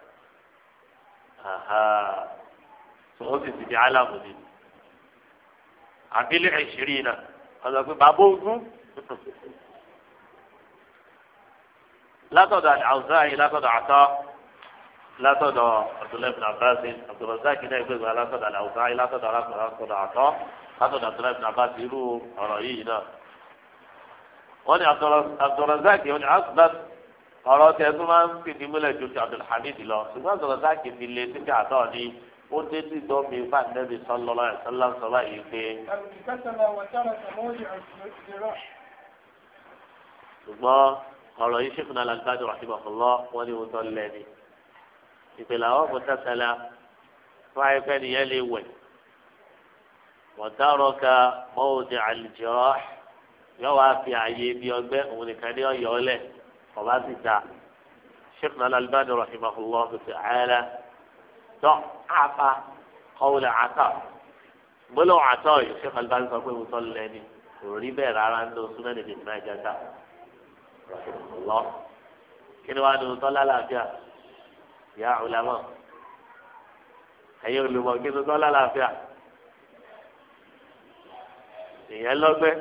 ó sì ti di aláàmù ni abil ìṣirí ọ̀nà pé bàbá ogún látọ̀dọ̀ àwùjọ àyè látọ̀dọ̀ àtọ́ látọ̀dọ̀ abdullahi bin abbas abdulrasaq náà gbégbá látọ̀dọ̀ aláwùsáyé látọ̀dọ̀ alákùnrin látọ̀dọ̀ àtọ́ látọ̀dọ̀ abdullahi bin abbas irú ọ̀rọ̀ yìí náà. wọ́n ní abdulrasaq wọ́n ní asbat ọ̀rọ̀ tẹ̀ tó máa ń fìdí múlẹ̀ ju ti abdulhamid lọ ṣùgbọ́n abdulrasaq fi lé sí àtọ́ ni ó dé dídọ́ mi bá nẹ́bi sọ́lọ́lá ìpìlẹ̀ àwọn mọ̀tàkàlà fáyé fẹ́ nìyẹn lè wẹ̀ mọ̀tàrọ̀kà mọ́wòdì àlìjọ́ yọ wá fi ààyè ibi ọgbẹ́ òun nìkan ní ọ̀yọ́ ọlẹ̀ ọba sì ta sheikh nala albani rahimahullah ta'ala tó àfa kọ́wọ́lẹ̀ àtà gbọ́dọ̀ àtà yìí sheikh albani sọ pé mo tọ́ lẹ́ni kò rí bẹ́ẹ̀ rárá ń lo súnmẹ́ni bìnnìmájà ta rahimahullah kí ni wàá ní mo tọ́ lálàáfíà ya ulama ẹ̀yin olùmọ̀ kí tuntun lálàáfíà ìyẹn lọ́gbẹ́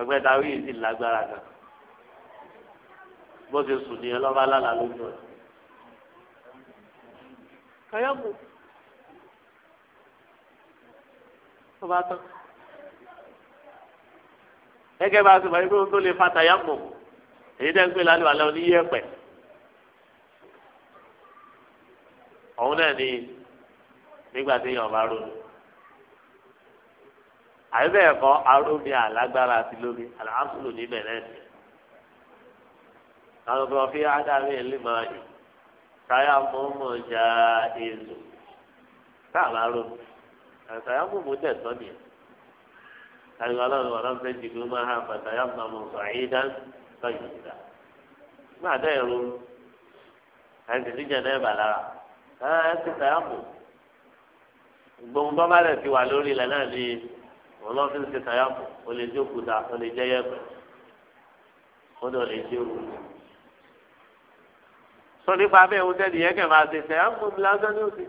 ọgbẹ́ darí yìí sì lágbára gan bó ti sùn nìyẹn lọ́ba lálàá lójú ẹ̀. kàyọ́mù tó bá tán gẹ́gẹ́ bá a ti mọ̀ ẹgbẹ́ tó lè fa tàyàmù èyí tẹ́ ń pè lálẹ́ wà lọ́wọ́ ní yẹ́pẹ̀. òun náà ni nígbà tí èèyàn bá ronú àbí bẹ́ẹ̀ kọ́ arómi alágbára àti lómi aláàmúlò níbẹ̀ náà ni àwọn ọmọ fi ádámì ẹlẹ́mọ̀ yìí táyà mọ́mọ́ ja èzò táàbà ronú àtàyà mọ́mọ́ dẹ̀ ọlọ́run ọ̀rọ̀ fẹ́ ó máa hàn pàtàyà mọ́mọ́ sọ̀rọ̀ dán ẹ ti tàyàmù gbogbo bá bá lẹ̀ fi wà lórí ilẹ̀ náà ni wọn lọ́ fi ń ṣe tàyàmù o lè jẹ́ òkúta o lè jẹ́ yẹ̀pẹ̀ o lọ lè jẹ́ òru. sọ nípa bẹ́ẹ̀ ohun tẹ́lẹ̀ yẹn kẹ̀ máa ṣe tàyàmù lásán ní òsì.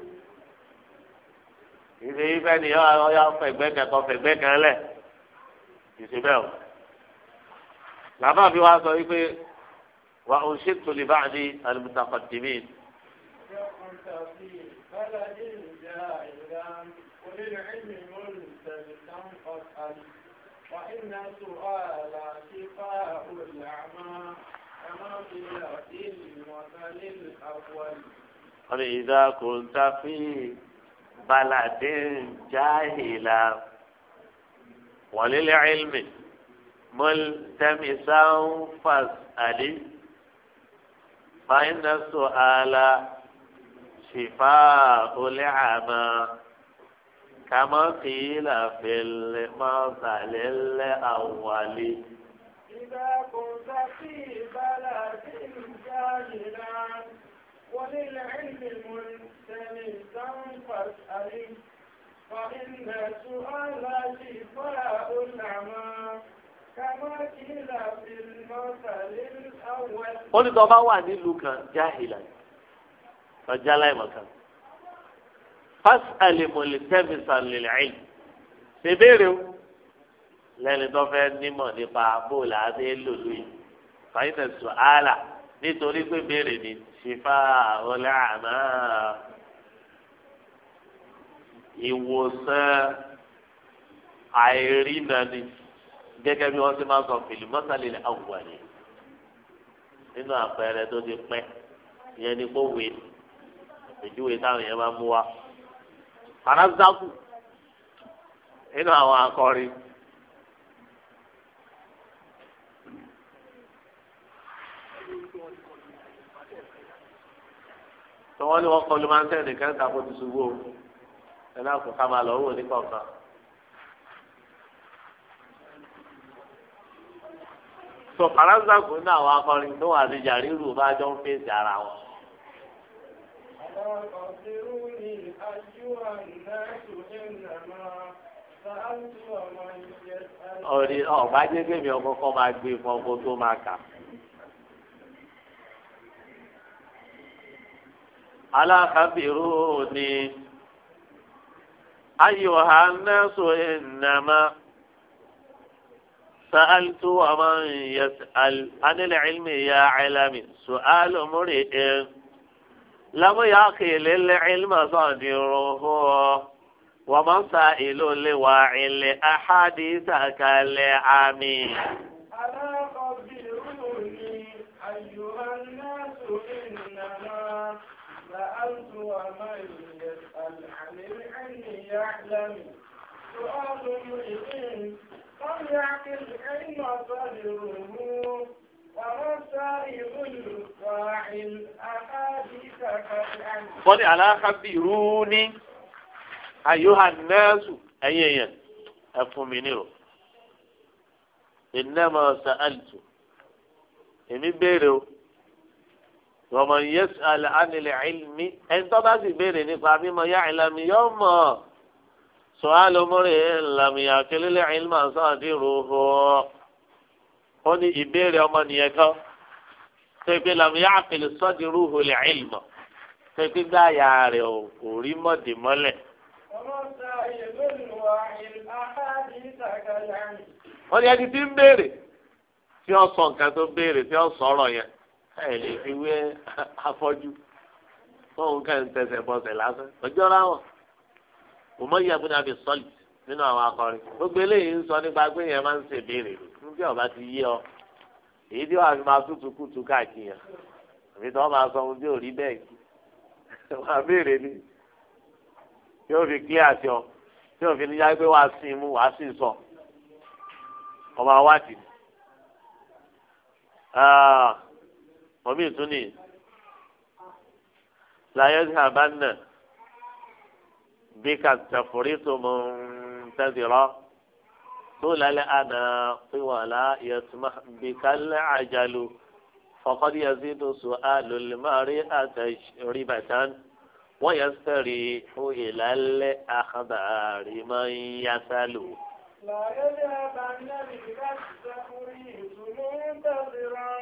ìṣe ìfẹ́ ni ọ̀ya fẹ̀gbẹ́ kẹ̀kọ́ fẹ̀gbẹ́ kan lẹ̀ ìṣe bẹ́ẹ̀ o. làbá fi wá sọ wípé wà ó ṣètò lè bá a ní alùpùpù أنت وللعلم وإن سؤال شفاء الأعمى كما في الأول إذا كنت في بلد جاهلا وللعلم ملتمسا فاسأل فإن السؤال شفاء العمى كما قيل في المثل الأول إذا كنت في بلد جاهلا وللعلم ملتمسا فاسأله فإن السؤال شفاء العمى ó ní tó bá wà nílùú kan jáhìlà ọjà láìmọ̀kan. fásitì mọ̀lẹ́tẹ́bìsà lèlẹ́ àyè ṣe béèrè o lẹ́ni tó fẹ́ nímọ̀ nípa bóòlù àti èlòlù yìí fàyínà sùhálà nítorí pé béèrè ni ṣìfà ọ̀lẹ́ àmà ìwòsàn àìrínà ni gẹ́gẹ́ bí wọ́n ti máa sọ fìlì mọ́sálẹ̀ àwùwà ni nínú àpẹẹrẹ tó ti pẹ́ ìyẹn ni kò wé àpèjúwe táwọn yẹn máa mú wa farazaku nínú àwọn akọrin. tọwọ́ ni wọ́n kọ́ ló máa ń tẹ̀lé kẹ́ńtà kó ti ṣubú o ẹ̀dá kò ká máa lọ wò ní kọ̀ọ̀kan. sọ farazaku nínú àwọn akọrin tó wà ní jàrírù bá jọ ń fèsì ara wọn. فاغفروني أيها الناس إنما Ọ̀rí ọ̀bá jẹ́gẹ́ mi ọmọ kọ́ máa gbé fún ọkọ tó máa kà. Alákàbírú ni ayọ̀há nẹ́sùn ìnàmá sa'altu wa man yas'al anil ilmi ya ilami su'alu muri'in. لم يقل العلم صدره ومسائل لواعل أحاديثك لعمي ألا خبروني أيها الناس إنما سألت ومن يسأل عن العلم يعلم سؤال امرئ لم يعقل العلم صدره wọ́n ní aláhábìrú ní ayóhánẹ́sù ẹ̀yìn èèyàn ẹ fún mi nírò ìnáma sàálìtù èmi béèrè o wọ́n yẹ́sù alẹ́ ẹ̀lmi ẹni tó bá sì béèrè nípa mímọ̀ yá ìlànà yóò mọ̀ sọ́hálùmọ́rẹ̀ ẹ̀làmìyàkẹ́lẹ́lẹ́ ẹ̀lmà sáà dín ròhó. wọ́n ní ìbéèrè ọmọnìyàn kan ṣe pé làmì yá àpèlè sọ́ọ̀dì rúhu lè ìlmọ̀ ṣe pé gbáàyà rẹ̀ kò rí mọ̀dì mọ́lẹ̀. wọ́n ní ẹni tí ń béèrè tí ó sọ nǹkan tó béèrè tí ó sọ̀rọ̀ yẹn ẹ̀ lè fi wé afọ́jú fóun ń tẹsẹ̀ bọ́sẹ̀ lásán ọjọ́ ráwọ̀ òmò yẹ abúlé àbí sọ́ọ̀lì. nínú àwọn akọrin gbogbo eléyìí ń sọ nípa pé yẹn máa ń béèrè fún bí ọba ti yé ọ èyí tí wàá fi máa tútù kùtù káàkiri yẹn àbí tí wọn sọ ohun tí ò rí béèrè ni tí fi kílẹ̀ àti ọ yóò fi níjà pé wàá mú wàá sọ ọba منتظرة قل الأناق ولا يسمح بك العجل فقد يزيد سؤال المرء تشربة ويستريح إلى الأخبار من يسأل لا يذهبن بك التحريس منتظرا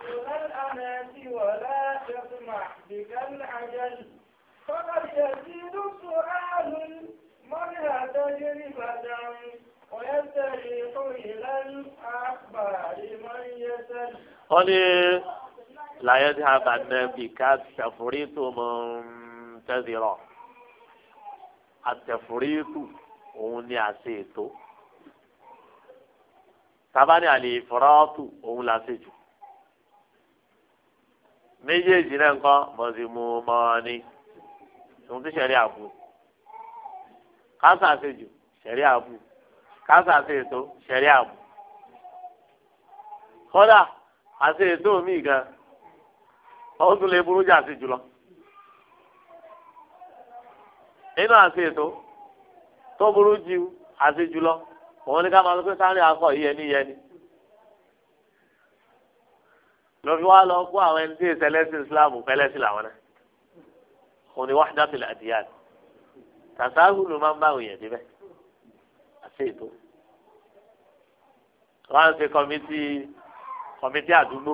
دون الأناس ولا تسمح بك العجل فقد يزيد سؤال مرها تجربة ويستريح إلى الأخبار من يسل قولي لا يذهب النبي كالتفريط منتظرا التفريط òun ni àṣe ètò tabani àlè ìfọ́rọ́tù òun la ṣe jù méjèèjì náà nǹkan mọ̀símù mọ́ni òun ti ṣẹ̀rí àbú kásá ṣe jù ṣẹ̀rí àbù kásá ṣe ètò ṣẹ̀rí àbù. kódà àṣe ètò míì gan ó tún lè burú jà sí jùlọ. nínú àṣe ètò tó burú ju àṣe jùlọ òun ni ká máa lọ pé sáré akọ yẹni yẹni lọ́fi wá lọ kó àwọn ẹni tí ìṣẹ̀lẹ̀ sí Islam fẹ́lẹ́ sí làwọn náà òun ni wàhádà tó lè àdìyà ni tàṣáhù ló máa ń bá òyìn níbẹ̀ àti ètò wọ́n á ṣe kọ́mítì kọ́mítì àdúgbò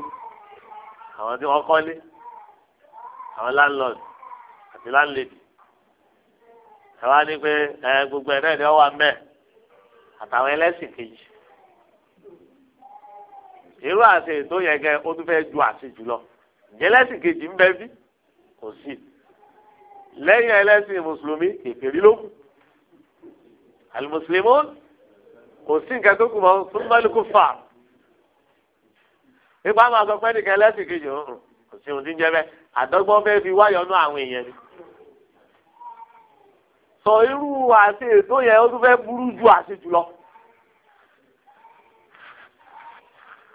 àwọn tí wọ́n kọ́lé àwọn landlord àti landlady ẹ wá ní pé ẹ gbogbo ẹ náà ni wọ́n wà mẹ́ẹ̀ àtàwọn ẹlẹ́sìn kejì irú àṣẹ ètò yẹn gẹ ó tún fẹ́ ju àṣẹ jùlọ ìjẹ́lẹ́sìn kejì ń bẹ bí kò sí lẹ́yìn ẹlẹ́sìn mùsùlùmí kèfèrí ló kù alimuslimun kò sí nǹkan tó kù mọ́ súnmọ́lùkù fà nípa máa sọ pé nìkan ẹlẹ́sìn kejì ọ̀hún kò sí ohun tí ń jẹ́ bẹ́ẹ̀ àdọ́gbọ́n bẹ́ẹ̀ fi wáyọ̀ nú àwọn èèyàn ni. sọ irú àti ètò yẹn ó tún fẹ́ burú ju àti jùlọ.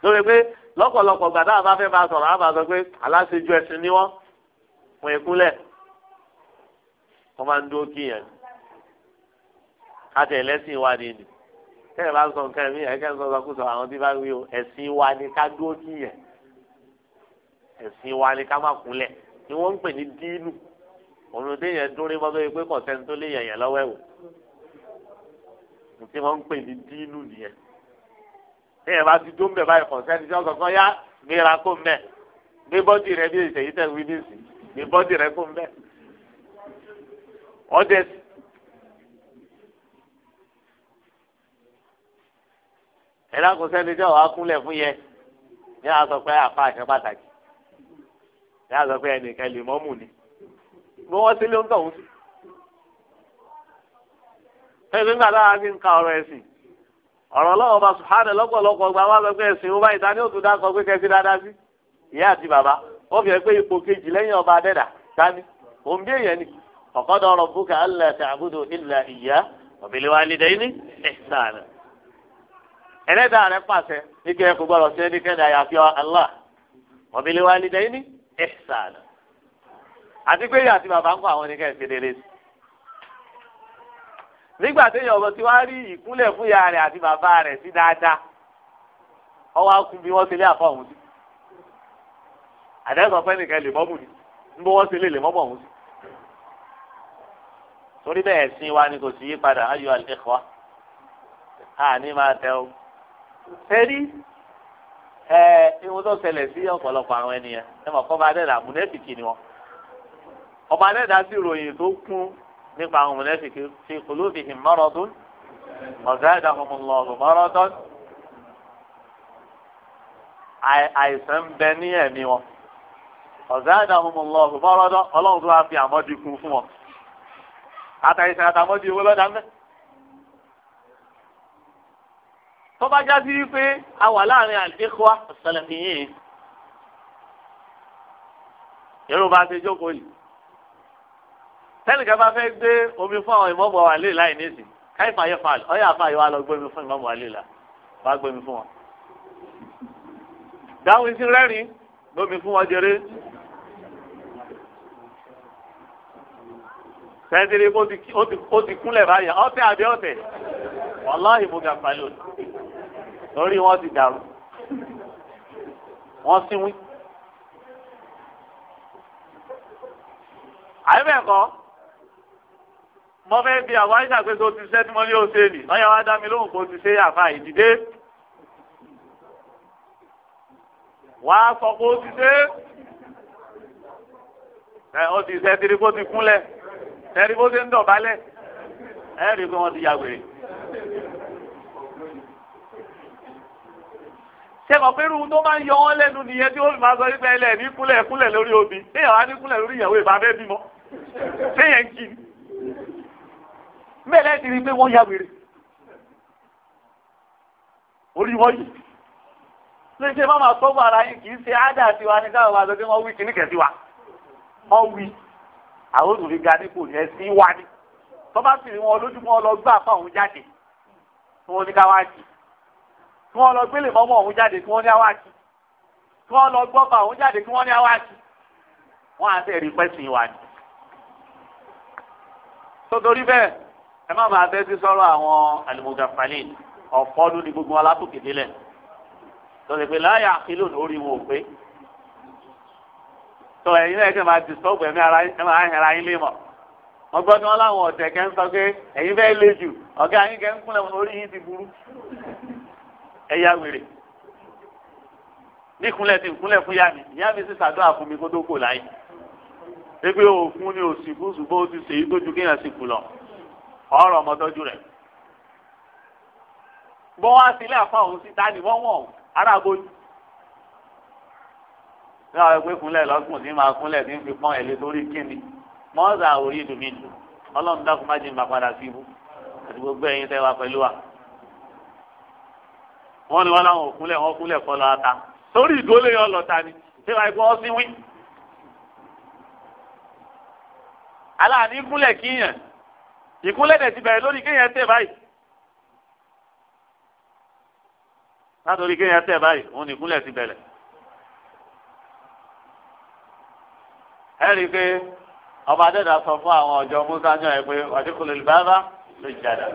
lórí pé lọ́pọ̀lọpọ̀ gbàdá àbáfẹ́ máa sọ̀rọ̀ àbá sọ pé aláṣejù ẹ̀sìn ni wọ́n wọ́n ìkúnlẹ̀ wọ́n máa ń dúró kí yẹn káṣẹ ẹlẹ́sìn wa ni ni tẹ́lẹ̀ bá sọ nǹkan mi ẹ̀kẹ́ sọ sọ kó sọ àwọn tí bá wí o ẹ̀sìn wa ni ká dúró kí yẹn ẹ̀sìn wa ni ká má kúnlẹ̀ ni wọ́n ń pè ní díínù òun tí yẹn dúró mọ́tò yìí pé kọ̀sẹ́ni tó lè yẹ̀ yẹn lọ́wọ́ ẹ̀wò tí wọ́n ń pè ní díínù nìyẹn tẹ́yẹ̀ bá ti dún bẹ̀ báyìí kọ̀sẹ́ni tí wọ́n sọ kọ́ yá gbéra kó mbẹ́ gbé bọ́dì rẹ bí èsè yìí tẹ̀ wí ní ìsìn gbé bọ́dì rẹ kó mbẹ́. ọdẹ. ẹ̀rọ kò sẹ́ni tí ọ̀wá kúnlẹ̀ fún yẹ ní a sọ pé àfa àṣẹ pàtàkì ní a sọ pé ẹnìkan lè mọ́mù ni bí wọ́n sílé ń tọ̀hún sí. ẹ̀sìn nígbà ka ọ̀rọ̀ ẹ̀sìn ọ̀rọ̀ ọlọ́wọ́ bá sùhánẹ̀ lọ́pọ̀lọpọ̀ gba wá sọ pé ẹ̀sìn ó bá ìta òtún dákọ̀ pé kẹsí dáadáa sí ìyá àti bàbá wọ́n fi hàn pé ipò kejì lẹ́yìn ọba adẹ́dà dání òun bí èèyàn ni. فقد ربك ألا تعبدوا إلا إياه وبالوالدين إحسانا ẹlẹ́dàá rẹ̀ pàṣẹ ní kí ẹ kó gbọ́dọ̀ sí ẹnikẹ́ni àyàfi Allah wabiliwalidayni ihsana àti pé ìyá àti bàbá ń kọ́ àwọn oníkẹ́ ṣe rere nígbà téèyàn ọ̀bọ tí wàá rí ìkúnlẹ̀ fún ìyá rẹ̀ àti bàbá rẹ̀ sí dáadáa ọwọ́ akun bí wọ́n ṣe lé àfọ̀ ọ̀hún sí. àdẹ́sọ̀ pé nìkan lè mọ́mù ni ń bọ́ wọ́n ṣe lè lè mọ́mù ọ̀hún sí torí bẹ́ẹ̀ sin wa ni kò sí yípadà ayọ̀ àlẹ́kọ̀ọ́ àní máa tẹ o. sẹ́rí ẹ ihun tó ṣẹlẹ̀ sí ọ̀pọ̀lọpọ̀ àwọn ènìyàn ẹ mọ̀ kọ́ba adẹ́dà múnẹ́fìkì ni wọn. ọba adẹ́dà sì ròyìn tó kún nípa àwọn múnẹ́fìkì fi qulubihim maradun mazadahumullahu maradan àìsàn ń bẹ ní ẹ̀mí wọn mazadahumullahu maradan ọlọ́run tó wá fi àmọ́ dínkù fún wọn àtàyèsè àtàmọ́dé owó lọ́dà mẹ́. tó bá já sí wípé a wà láàrin al-ikhwa as-salafiyyin irú bá ṣe jókòó yìí tẹ́nìkan bá fẹ́ gbé omi fún àwọn ìmọ̀mọ̀ wa lè láì nísì káyìfà yẹ fà ọyọ àfà wà lọ gbómi fún ìmọ̀mọ̀ wa lè là wà gbómi fún wọn. dáhùn sí rẹ́rìn gbómi fún wọn jẹrẹ sẹ́ńtìrì ó ti kúnlẹ̀ báyà ọ̀tẹ̀ àbí ọ̀tẹ̀ wàláhì mo gà pàlẹ́ òní lórí wọn ti dàrú wọ́n sì wí. àyẹ̀bẹ̀kọ́ mo fẹ́ bi àwọn àyíṣà pé kó ti ṣe tí mo lé ose nì lọ́yà wá dá mi lóhùn kó ti ṣe àfa ìdìde. wà á sọ pé ó ti ṣe é ti ṣe tiri ti kúnlẹ̀ ẹ̀rí bó ṣe ń dọ̀bálẹ̀ ẹ̀rí pé wọ́n ti ya wèrè. ṣé mọ̀ pé irun tó máa ń yọ wọ́n lẹ́nu nìyẹn tí ó fi máa sọ nípa ẹlẹ́ ní kúlẹ̀ kúlẹ̀ lórí obì téèyàn wá ní kúlẹ̀ lórí ìyàwó ìbá fẹ́ bímọ téèyàn kì í. mẹ́lẹ́ ti rí i pé wọ́n ya wèrè orí wọ́n yìí léṣe má máa tọ́gbọ̀ ara yín kì í ṣe ádà tiwa ní káwọn máa sọ pé wọ́n wí kíníkẹ̀ tiwa wọ́n wí àwọn olùrí ga nípò yẹn sí wá ní tọ́ba sì rí wọn lójúmọ́ lọ gbà fún àwọn jáde tí wọ́n ní ká wá jì tí wọ́n lọ gbélé mọ́mọ́ àwọn jáde tí wọ́n ní àwá jì tí wọ́n lọ gbọ́ fún àwọn jáde tí wọ́n ní àwá jì wọ́n á tẹ̀ rí pẹ́sìn wá ní. sọtorí bẹ́ẹ̀ ẹ má máa bẹ́ẹ́ sí sọ́rọ̀ àwọn àlùmọ̀gàfàlìn ọ̀fọ́dún ní gbogbo alátòkè délẹ̀ lọ́sẹ̀ pé láyà àkílò lórí wọn pé tọ ẹ̀yin náà kẹ́ máa disturb ẹ̀mí ara ẹ máa hẹ̀rẹ̀ ayé lé mọ̀ wọ́n gbọ́dọ̀ wọn láwọn ọ̀tẹ̀ kẹ́ ń sọ pé ẹ̀yin fẹ́ lé jù ọ̀gá yín kẹ́ ń kúnlẹ̀ wọn orí yín ti burú ẹ̀yà wèrè ní ìkúnlẹ̀ ti ìkúnlẹ̀ fún yá mi ìyá mi sì ṣàdúrà fún mi kó tó kò láyé pépé òfun ni òsìkú ṣùgbọ́n ó ti ṣèyí tó ju kéèyàn sì kù lọ ọ̀rọ̀ ọmọdọ́jú rẹ̀ bọ́n wá sílẹ̀ àfa òun síta ni wọ́n wọ̀ ọ́ arábóyún ní àwọn ẹgbẹ́ kúnlẹ̀ lọ́sùn ní máa kúnlẹ̀ ní fi pọ́n ẹ̀lẹ́ lórí kíni mọ́ọ̀sà orí ìdùnnú ìlú ọlọ́run dákun má jẹ́ ìmàpadà sí ibú àti gbogbo ẹ̀yin tẹ́ wa pẹ̀lú wa. wọ́n ní wọ́n láwọn ò kúnlẹ̀ wọ́n kúnlẹ̀ kọ́ lọ́ọ́ ta torí ìdólé yọ lọ́ta ni ṣé wàá gbọ́ sí wí. aláàní kúnlẹ̀ kíyàn ìkúnlẹ̀ dẹ̀ ti bẹ̀rẹ̀ lórí kéèyàn tẹ̀ báyìí. látòrí kéèyàn tẹ̀ báyìí òun ìkúnlẹ̀ ti bẹ̀rẹ̀ ẹ̀rí pé ọba adẹ́dà sọ fún àwọn ọ̀jọ́ musa ní ọ̀yẹ́ pé wàdíkùlù ìbára ló jàdà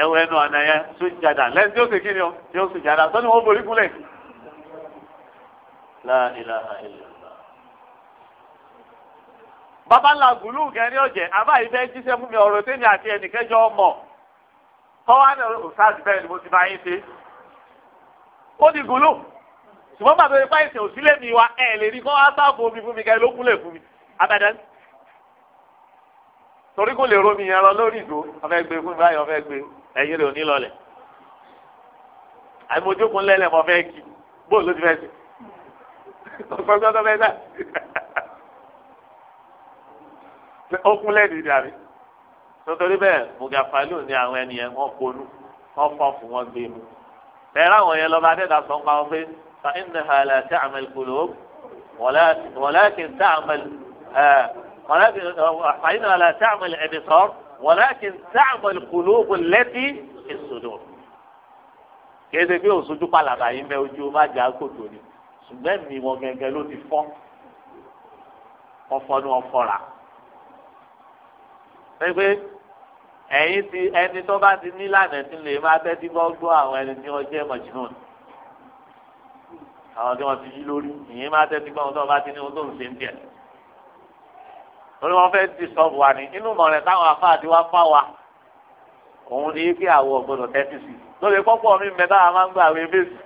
ẹ̀wọ̀ ẹnu ọ̀nà yẹn tó jàdà lẹ́yìn tí ó sì kíni o tí ó sì jàdà tó wọ́n borí kúnlẹ̀. bàbá ńlá gùlù kẹrin ọ̀jẹ̀ àbá yìí fẹ́ ọmọ ní bẹ́ẹ̀ ni mo ti ṣùgbọ́n bàbá mi fáìsì ò sílẹ̀ mi wa ẹ̀ lè rí kọ́ wá sáàfù omi fún mi kẹ́ ló kúnlẹ̀ fún mi abẹ́dẹ́ torí kò lè romi yẹn lọ lórí ìdó ọfẹ́ gbé fún mi báyìí ọfẹ́ gbé ẹ̀yin rẹ̀ ò ní lọlẹ̀ àìmọ̀jókòó lẹ́lẹ̀ mọ́ fẹ́ kí bóò ló ti fẹ́ sí ọ̀pọ̀lọpọ̀ tó fẹ́ sá okun lẹ́ẹ̀dì dàbí nítorí bẹ́ẹ̀ mùgàfàlù ni àwọn ẹnìyẹn wọ́n polú wọ́n fọ́ fún wọn gbé mu bẹ́ẹ̀ láwọn yẹn lọ́ba adẹ́dàsọ́ ń pa فإنها لا تعمى القلوب ولكن تعمل آه ولكن فإنها لا تعمل الأبصار ولكن تعمل القلوب التي في الصدور kéde bí òṣojú pàlàbà yìí mẹ ojú má jà kòtò ni ṣùgbọ́n mi wọn gẹ́gẹ́ ló ti fọ́ ọfọ ni wọn fọra pépé ẹ̀yin ti ẹni tó bá ti ní lànà tí lè má tẹ́tí gbọ́ gbọ́ àwọn ẹni tí wọ́n jẹ́ mọ̀jìnnú ni àwọn tí wọ́n ti yí lórí ìyẹn máa tẹ́tí gbọ́n tó bá ti ní ohun tó ń ṣe ń tiẹ̀. lórí wọn fẹ́ ti sọ́ọ̀bù wa ní inú mọ̀rẹ́ táwọn afáà ti wá fá wa òun ni pé àwọ̀ gbọ́dọ̀ tẹ́tí sí lórí pọ́pọ́ mi mẹ́ta a máa ń gbà wé fèsì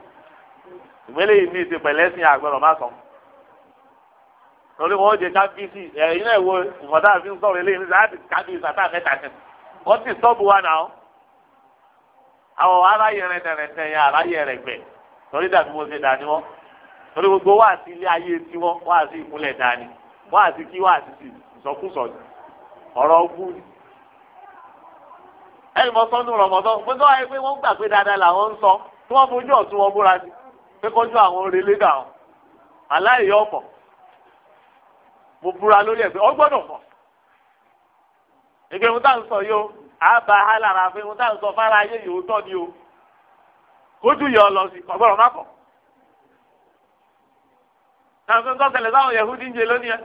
ìgbélé yìí ní ìsèpẹ̀lẹ́ sí àgbọ̀rọ̀ má sọ. lórí wọn ó jẹ kábíyèsí ẹ̀yin náà wo ìmọ̀tá fi ń sọ̀rọ̀ eléyìí nígbà láti kábíyèsí àtà mẹ́ta kẹ́ wọ́n ti sọ́ọ̀bù wa náà àwọn aráyẹrẹ tẹ̀rẹ̀ tẹ̀yẹ aráyẹrẹ gbẹ̀ torí dàbí mo ṣe dà ní wọ́n torí gbogbo wá sí ilé ayé tiwọn wá sí ìkúnlẹ̀ dání wá sí kí wá sí ìsọkúsọ ọ̀rọ̀ ọgbù ni. ẹnì mọ sọ́nù rọ̀mọ́tọ́ gbogbo wáyé pé wọ́n gbà pé dáadáa làwọn ń sọ tí wọ́n fojú ọ̀tún wọn múra sí pé kọjú àwọn orin lé dà ọ́ aláìyọ ọ̀pọ̀ mo búra lórí ẹ̀ pé ọgbọ́dọ̀ pọ̀ ìgbẹ́ mo tá à ń sọ yìí o àbá alára pé mo tá à ń sọ fáráyé yìí ó tọ́ ni o kójú yọ ọ lọ sí ọgbọ́dọ̀ má pọ̀ kàǹkó kọ́sẹ̀lẹ̀ sáwọn yahudi ń jẹ lónìí ẹ̀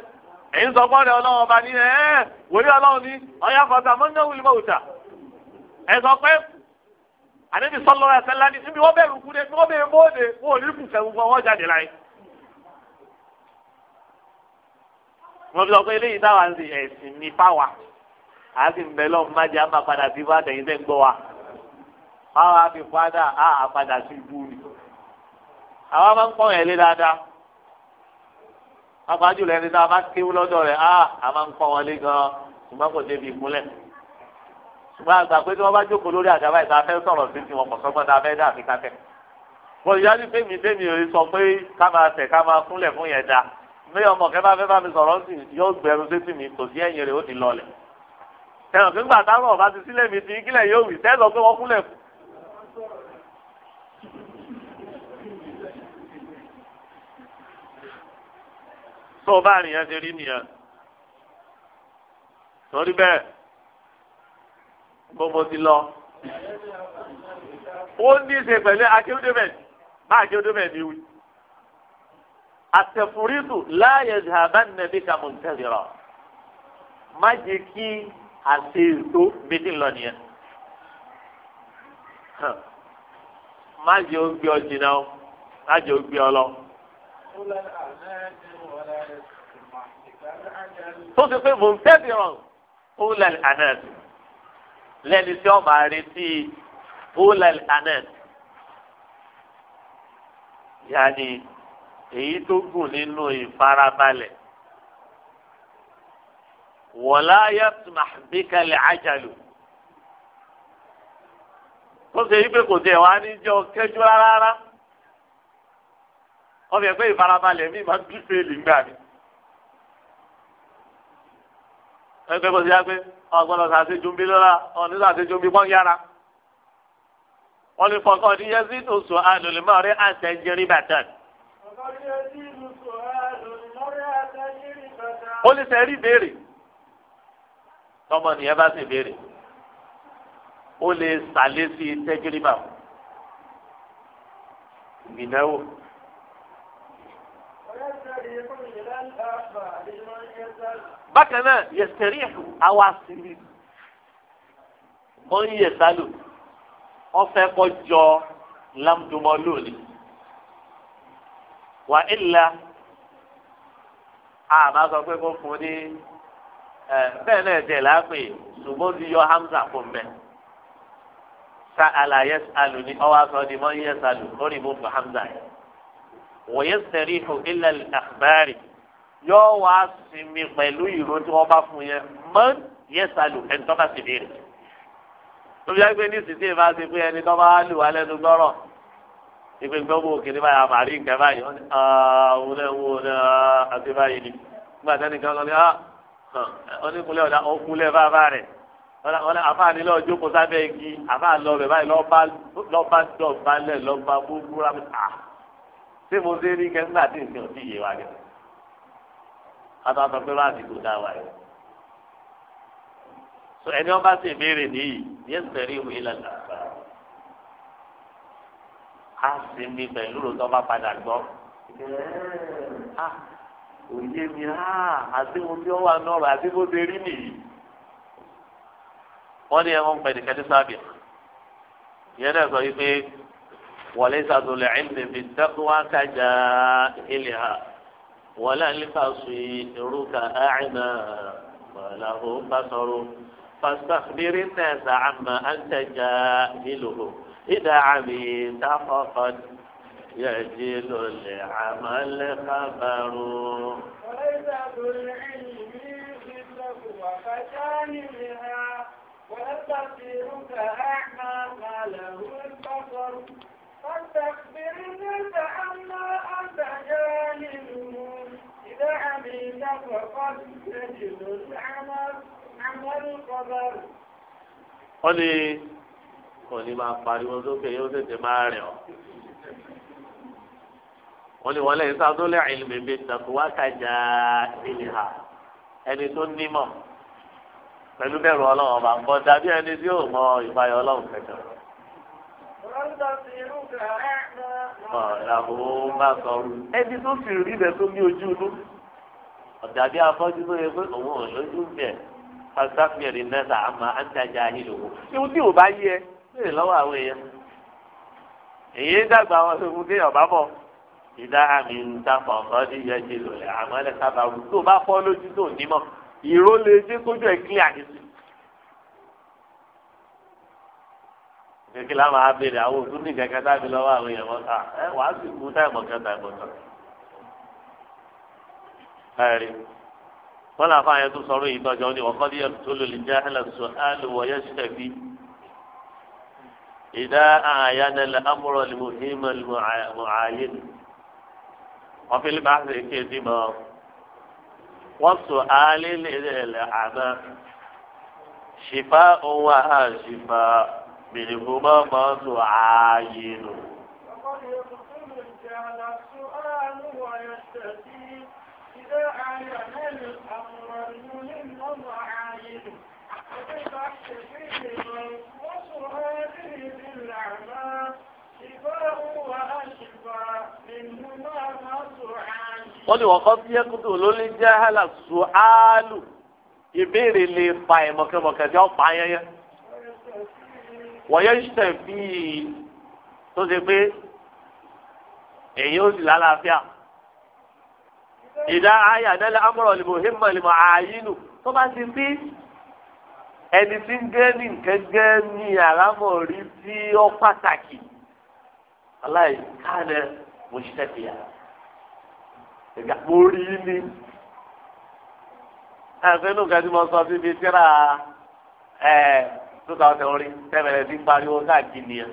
èyí sọ pọ́n rẹ̀ ọlọ́run ọba ní ẹ̀ wòlíì ọlọ́run ní ọ̀yà fọ́tà mọ́nà wùlímọ̀ òòtà ẹ̀ sọ pé àdébí sọ́lọ́ ẹ̀ sẹ́lá ní níbi wọ́n bẹ̀rù kúndé níbi wọ́n bẹ̀rù bóde wọn ò ní kùfẹ́ gbogbo wọn jáde láyé. wọ́n fi sọ pé eléyìí táwa ń sè ẹ̀sìn ní fáwa a sì ń bẹ lọ́mú májá máa padà sí fún àtẹ̀yìn tẹ́ ń gbọ́ wa. fi fádà á àpadà sí ibú ni. àwa máa ń pọ̀ afájú lẹni tá a bá kéwú lọ́dọ̀ rẹ̀ a ah, a máa ń kọ́ wọn lé gan ṣùgbọ́n kò débi ìmúlẹ̀ ṣùgbọ́n àgbà pé tí wọ́n bá jókòó lórí àgàbà ìta fẹ́ sọ̀rọ̀ sí tiwọn kò sọ́gbọ́n tá a fẹ́ dà sí káfẹ́. wọ́n yá ní fẹ́mi fẹ́mi ò sọ pé ká máa tẹ̀ ká máa kúnlẹ̀ fún yẹn da mi ọmọ kẹ́ bá fẹ́ bá mi sọ̀rọ̀ sí yóò gbẹrù sétí mi kò sí ẹ̀yìn rẹ̀ ó ti lọlẹ̀. tẹ̀wọ̀n kí tó o bá rìn yẹn ti rí nìyẹn torí bẹ́ẹ̀ gbogbo ti lọ ó ní í ṣe pẹ̀lú akéwúdébẹ̀ bá akéwúdébẹ̀ ní wí àtẹ̀fùrìtù láàyè zàbá nàbí kàmùntẹ́sìrọ̀ má jẹ́ kí àti èso bíi lọ nìyẹn má jẹ́ ó gbé ọ jìnnà ó má jẹ́ ó gbé ọ lọ tó ti pé mò ń tẹ́bi rọ̀ ó lẹ́lẹ̀ anẹ́t lẹ́ni tí ó máa retí ó lẹ́lẹ̀ anẹ́t yáni èyí tó gùn nínú ìfarabalẹ̀ wọ̀lá yẹ́tùmá bí kalẹ̀ tó ṣe yí pé kò tẹ̀ wá ní jọ kẹjú rárá ọbẹ̀ pé ìfarabalẹ̀ mi máa bí fèèlì gbà mí. ẹgbẹ́ bó ti yá pé ọgbọ́dọ̀ sàṣejù ń lọ́la ọ̀ní sàṣejù ń pọ́n yára. wọ́n lè fọkàn ní yẹsí tó sọ àlòlè máa àṣẹ ń jẹrí bàtàn. ó lè sẹ́ rí béèrè tọmọ nìyẹn bá sì béèrè ó lè sàlẹ̀ sí tẹ́jìrìbà ìgbìnnáwó. bákan náà yẹsẹ̀rí àwa sinmi ó ń yẹ sálò wọ́n fẹ́ kọ́ jọ lámdùmọ́ lónìí wà ìlà àmà sọ pé kó fún ní ẹ bẹ́ẹ̀ náà tẹ̀ láàpè ṣùgbọ́n ti yọ hamza fún bẹ́ẹ̀ sa àlàyé sàlù ní ọwọ́ aṣọ ni mọ́ yẹ sàlù lórí mọ́tò hamza yẹn wọ́n yẹ sẹ́rí ìhù yóò wá sinmi pẹ̀lú ìró tí wọ́n bá fún yẹn mọ́ yẹ́sàlù ẹni tó bá sì béèrè. tó bí wáyé pé ní ìsìtì ìbá ti pé ẹni tó bá wá lù wá lẹ́nu gbọ́rọ̀ ìpè gbọ́gbó òkèlè báyà màrí nǹkan báyìí wọ́n ní ọ̀hún ẹ̀wọ̀n ọ̀hún àti báyìí ni nígbà tẹ́ni kan kan ní ọ̀nìkúnlẹ̀ ah, ọ̀dà ọ̀kúnlẹ̀ bàbá rẹ̀ wọ́n àfa ni lọ́ọ́ jókòó sábẹ́ igi àfa lọ rẹ̀ báyìí lọ́ba dọ̀balẹ̀ lọ́ba gbogbo rà mí. Ah. ṣé mo ṣe rí kẹ́ńtà tí nǹkan ti yé wa gẹ̀ẹ́ kátó sọ pé wọ́n àsìkò dá wa yìí. sọ ẹni wọn bá sì béèrè nìyí yẹn sẹ̀rí ìwé ìlànà àgbà. a sì mi pẹ̀lú lóòótọ́ bá padà gbọ́. Ah, òye mi ah, àti mo bí wọ́n wà nọ́ọ̀rọ̀ àti mo ti rí nìyí. wọ́n ní ẹ̀wọ̀n pẹ̀lú kẹ́tí sábìà. ìyẹn náà sọ wípé wọlé sàtúnlẹ̀ ẹ̀ ń tẹ̀sí tẹ́kùn ilé ha. ولا البصير أعمى وله بصر فاستخبر الناس عما أنت جاهله إذا عميت فقد يجل لعمل خبر وليس ذو العلم مثله وفتانها والبصير أعمى ما له البصر فاستخبر الناس عما أنت جاهله إذا عملت فقد تجد العمل عمل قبر wọ́n ní kò ní máa pariwo sókè yóò tètè máa rìn ọ́ wọ́n ní wọ́n lẹ́yìn sáadọ́lẹ̀ ìlùmẹ̀bẹ tàkùwákàjà ìlìhà ẹni tó nímọ̀ pẹ̀lú bẹ̀rù ọlọ́run ọba nǹkan dàbí ẹni tí yóò mọ ìfàyà ọlọ́run kẹjọ ọ̀làwọ̀ bá sọ̀rọ̀ ẹni tó sì rí rẹ̀ tó ní ojú inú ọ̀dà bí afọ́jú tó yẹ pé òun ò lójú ń bẹ̀ fàgbàfẹ́rì mẹ́ta àmọ́ àǹtajà ìlò ìwọ tí ò bá yẹ lóye lọ́wọ́ àwọn èèyàn èyí dàgbà wọn fún un déyàn bá bọ̀ ìdá àmì ń ta kọ̀ọ̀kan ní yẹn ti lò àmọ́ ẹ̀ sábà wù tó bá fọ́ lójú tó ní kékeré àwọn abèrè àwọn òtún ní kẹkẹ tábí lọ́wọ́ àwọn èèyàn wọn kà ẹ wàá sì kú táìmọ̀ kẹta ìbọ̀tàn. ẹ̀rí wọn làwọn àyẹ̀ tó sọ̀rọ̀ yìí tọ́jọ́ ní wọ́n kọ́ ní ẹ̀rù tó lò lè jẹ́ ẹlẹ́sọ̀ àlùwọ̀yẹ́ ṣẹ̀bí. ìdá àyàn ẹlẹ́ amúrọ̀ lè mú hímọ̀ lè mú àyè. wọ́n fi lè bá ṣe kéde mọ́ wọ́n sọ àlè lè lè àná ṣìfà òun àhà ṣìfà bìrìkù má má tó ààyè lò. wọ́n ní wọ́n kọ́ bí ẹkútù ló lè jẹ́ hálà sùálù ìbéèrè lè fa ìmọ̀kẹ́mọ̀kẹ́ tí ó pa ayẹyẹ. wọ́yẹ́ ṣẹ̀ bíi tó ṣe pé èyí ó sì lálàáfíà ìdá ayé àdálẹ́ amúrọ̀ lèmọ̀ hímọ̀ lèmọ̀ àyínú tó bá ti bí ẹni tí ń gẹ́ ní nǹkan gẹ́ ní àlámọ̀rí tí ó pàtàkì mo ṣiṣẹ́ ìgbà mo rí i sọ síbi tíra ẹ̀. two thousand orí tẹ́bẹ̀rẹ̀ sí pariwo káàkiri nìyẹn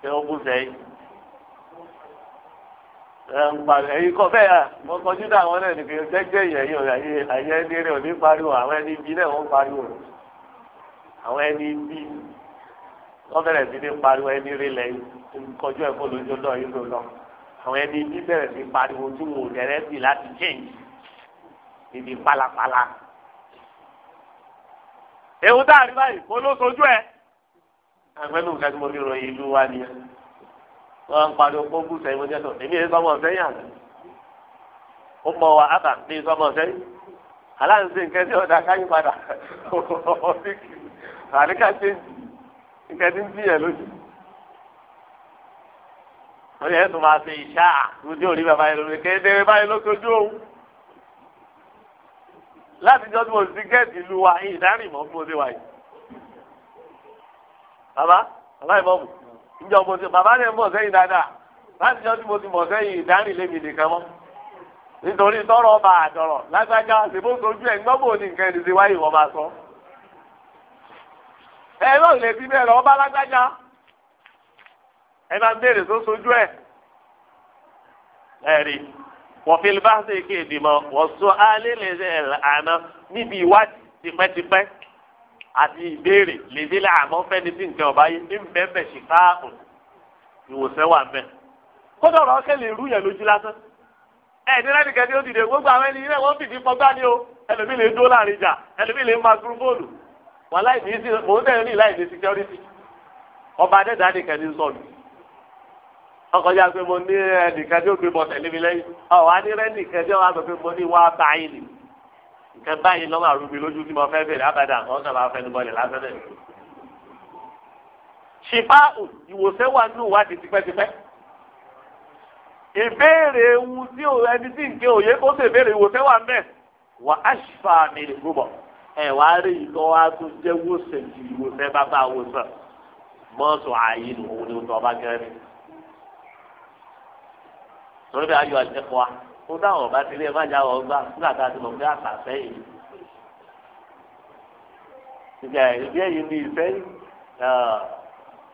ṣé ó kú sẹ́yìn ẹ̀ ń pariwo ẹ̀yin kọ́ bẹ́ẹ̀ mo kọjú dá àwọn náà nìkan jẹ́jẹ́ ìyẹ̀yìn ọ̀rẹ́ àyẹ̀ ẹni rẹ̀ ò pariwo àwọn ẹni ibi náà wọ́n pariwo àwọn ẹni ibi wọ́n bẹ̀rẹ̀ sí ní pariwo ẹni rí lẹ́yìn kọjú ẹ̀fọ́ lójú náà yín lọ àwọn ẹni ibi bẹ̀rẹ̀ sí pariwo tí wọn ò dẹ̀rẹ́ sí láti change níbi pálapàla ewu tá a rí báyìí kó ló sojú ẹ. àgbẹ̀nu nǹkan tí mo fi ròyìn ìlú wa nìyẹn. wọ́n ń pariwo kó bú sẹ́yìn mọ́jẹ́ tó èmi yẹn sọ́mọ sẹ́yìn àná. ó mọ wa ábà mi sọ́mọ sẹ́yìn. aláǹsẹ̀ nǹkan tí ọ̀dà káyìn padà àríkà ṣe nǹkan tí ń bí yẹn lójú. wọ́n yẹ kó máa ṣe ìṣáà lójú òní bàbá yẹn lórí kéde báyìí ló sojú òun. láti jọ tí mo ti gẹ́ẹ̀tì ìlú wa ìdárìn mọ́ bí yìí. bàbá bàbá ìjọ ti bàbá sẹ́yìn dáadáa láti jọ mo ti sẹ́yìn ìdárìn lémi nìkan mọ́. nítorí tọrọ ọba lágbájá sojú gbọ́ bò ní nǹkan ẹni ti wáyé sọ. ẹ lọ́ọ̀ lè fi bẹ́ẹ̀ lágbájá ẹ máa ń béèrè tó sojú wọ́fin báṣẹ̀ kí ìdìmọ̀ wọ́n sọ alẹ́ lè ṣe àná níbi ìwádìí tipẹ́tipẹ́ àti ìbéèrè lèdè là àmọ́ fẹ́ni tí nǹkan ọ̀bá yé ń bẹ́ẹ̀ bẹ̀ ṣìkà ààrùn ìwòsàn wà bẹ́ẹ̀. kódà ọ̀rọ̀ ọ̀kẹ́ lè rú yẹn lójú lásán. ẹ ní láti kẹ́ni ó dìde gbogbo àwọn ẹni wọ́n fìdí fọgbá ni o ẹlòmí lè dó láàrin jà ẹlòmí lè máa gúrú bóòlù wọn láì ní sí mò ń tẹ̀lé láì ní security ọba adẹ́dàá nìkan ní sọ̀rọ̀ ọkọjá pé mo ní ẹnìkan tí ó gbé bọ̀ tẹ̀lé mi lẹ́yìn ọ̀ wá ní rẹ́nìkan tí ó wá sọ pé mo ní wá báyìí nì nǹkan báyìí lọ́wọ́ àrùbí lójú tí mo fẹ́ bèrè abàdà kan sábà fẹnubọlẹ̀ lásán náà. ṣìfà ìwòsàn wà nínú ìwádìí tipẹ́tipẹ́. ìbéèrè ewu tí ẹni tí nǹkan òye kó sì béèrè ìwòsàn wà mẹ́ wà á ṣìfà mi lè gbọ́ ẹ̀ wá rí ìlọ́ wa tó jẹ́ wòsàn ju ìwòsàn bàbá wòsàn mọ́tò torí bí ayọ̀ àtẹ̀kọ́ wa kó táwọn ọba ti lé ẹ má já wọ gbà nígbà tá a ti mọ̀ pé àtà sẹ́yìn. ìgbà ìdí ẹ̀yìn ni ìsẹ́yìn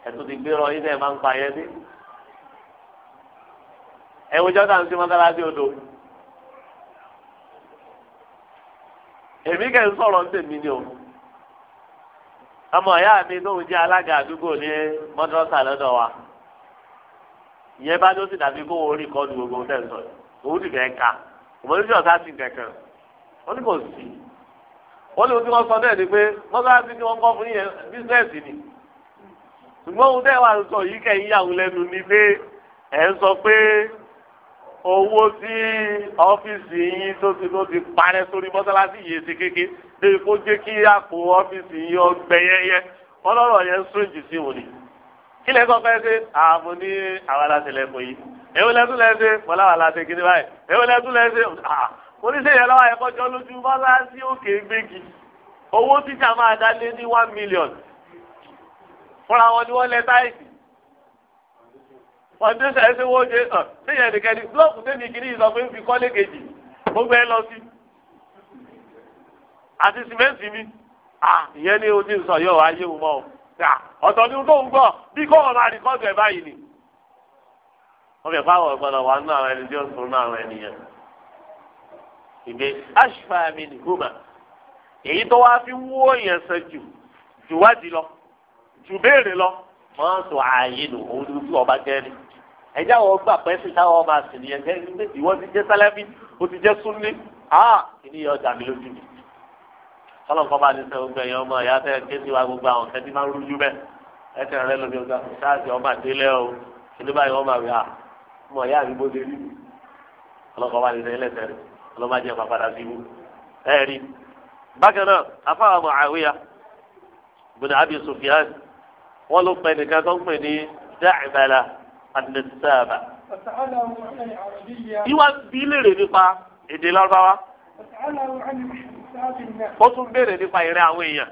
ẹ̀tún ti gbé rọ ilé ẹ̀ máa ń pa yẹn dé. ẹ̀wọ̀n jọ́ tà ń sí odò. èmi kẹ́ ń sọ̀rọ̀ ń tèmi ni o ọmọ ìyá mi tó ń jẹ́ alága àdúgbò ní mọ́tòrọ́sà lọ́dọ̀ wa ìyẹn bá ló sì dàbí kó wọn rí kọ́ọ̀dù gbogbo tẹ̀ sọ òun sì fẹ́ ka òun sì ọ̀sá sì kẹ̀kẹ́ wọn ní kò sí wọn lóun tí wọn sọ bẹ́ẹ̀ ni pé mọ́sáàsì ni wọ́n kọ́ fún yẹn bísíǹsì ni ṣùgbọ́n òun tẹ̀ wà ń sọ yìí kẹ́yìn yàwó lẹ́nu ni pé ẹ̀ ń sọ pé owó tí ọ́fíìsì yín tó ti tó ti parẹ́ sórí mọ́sálásí yìí ti kéke débi kó jẹ́ kí àpò ọ́fíìsì yín ọgbẹ́ yẹ́yẹ́ ọlọ́rọ̀ yẹn sún jù sí òní kí lè kọ́ fẹ́ ṣe àmú ní àwọn aláṣẹlẹ̀ kò yìí èwo lẹ́tún lẹ́ ṣe mọ́lá wà láti kiri báyìí èwo lẹ́tún lẹ́ ṣe oníṣẹ́ yẹn lọ́wọ́ ẹ̀kọ́ jọ lójú bọ́lá sí òkè gbégi owó títà máa dá lé ní one million fúnra wọn ni wọ́n lẹ táìsì ọdún sẹ́yìn ṣe wọ́n ṣe hàn lẹ́yìn ẹ̀dẹ̀kẹ́ni blọọ̀kù tẹ́mi kiri ìsọ pé ń fi kọ́lé kejì gbogbo ẹ e lọ sí àti sìmẹ́ǹtì mi ìyẹn ni ojú ìsọ̀ yóò wá yéwu mọ́ o ọ̀tọ̀ ni tó ń gbọ́ bí kò wọ́n máa rí kọ́ọ̀tù ẹ̀ báyìí ni. wọ́n fẹ́ fáwọn ọ̀gbọ́dọ̀ wà nínú àwọn ẹni tí ó sùn nínú àwọn ènìyàn. ìgbé aṣfa mi ni huma èyí tó wá fi wó èèyàn sàn jù jù wádìí lọ jù béèrè lọ wọ́n sọ ààyè nù òun ni tí ọba gẹ́rì ẹjá wọn gbà pẹ́ sí táwọn máa sì nìyẹn gẹ́gẹ́ ìwọ ti jẹ́ sálábí o ti jẹ́ súnlé ah kìnìyàn ọjà mi lójú mi kọlọ́n kọ́ bá ní sẹ́wọ́n gbẹ̀ yẹn ọmọ ìyá tẹ́ ké sí wa gbogbo àwọn kẹ́tí máa ń rújú bẹ́ẹ̀ ẹ̀tẹ̀ rẹ lómi ọgbà ṣáàṣì ọmọ àdélé o ìlú báyìí ọmọ àwẹ̀ à ọmọ ìyá mi bó dérí kọlọ́n kọ́ bá ní sẹ́yìn lẹ́sẹ̀ rẹ kọlọ́n má jẹ́ pàpàdà sí ibú. ẹ rí bákan náà afáwọn Muawiya bin Abi Sufyan wọn ló pẹ nìkan tó ń pè ní Da'bala an ìwà bí ó tún béèrè nípa ìrìn àwọn èèyàn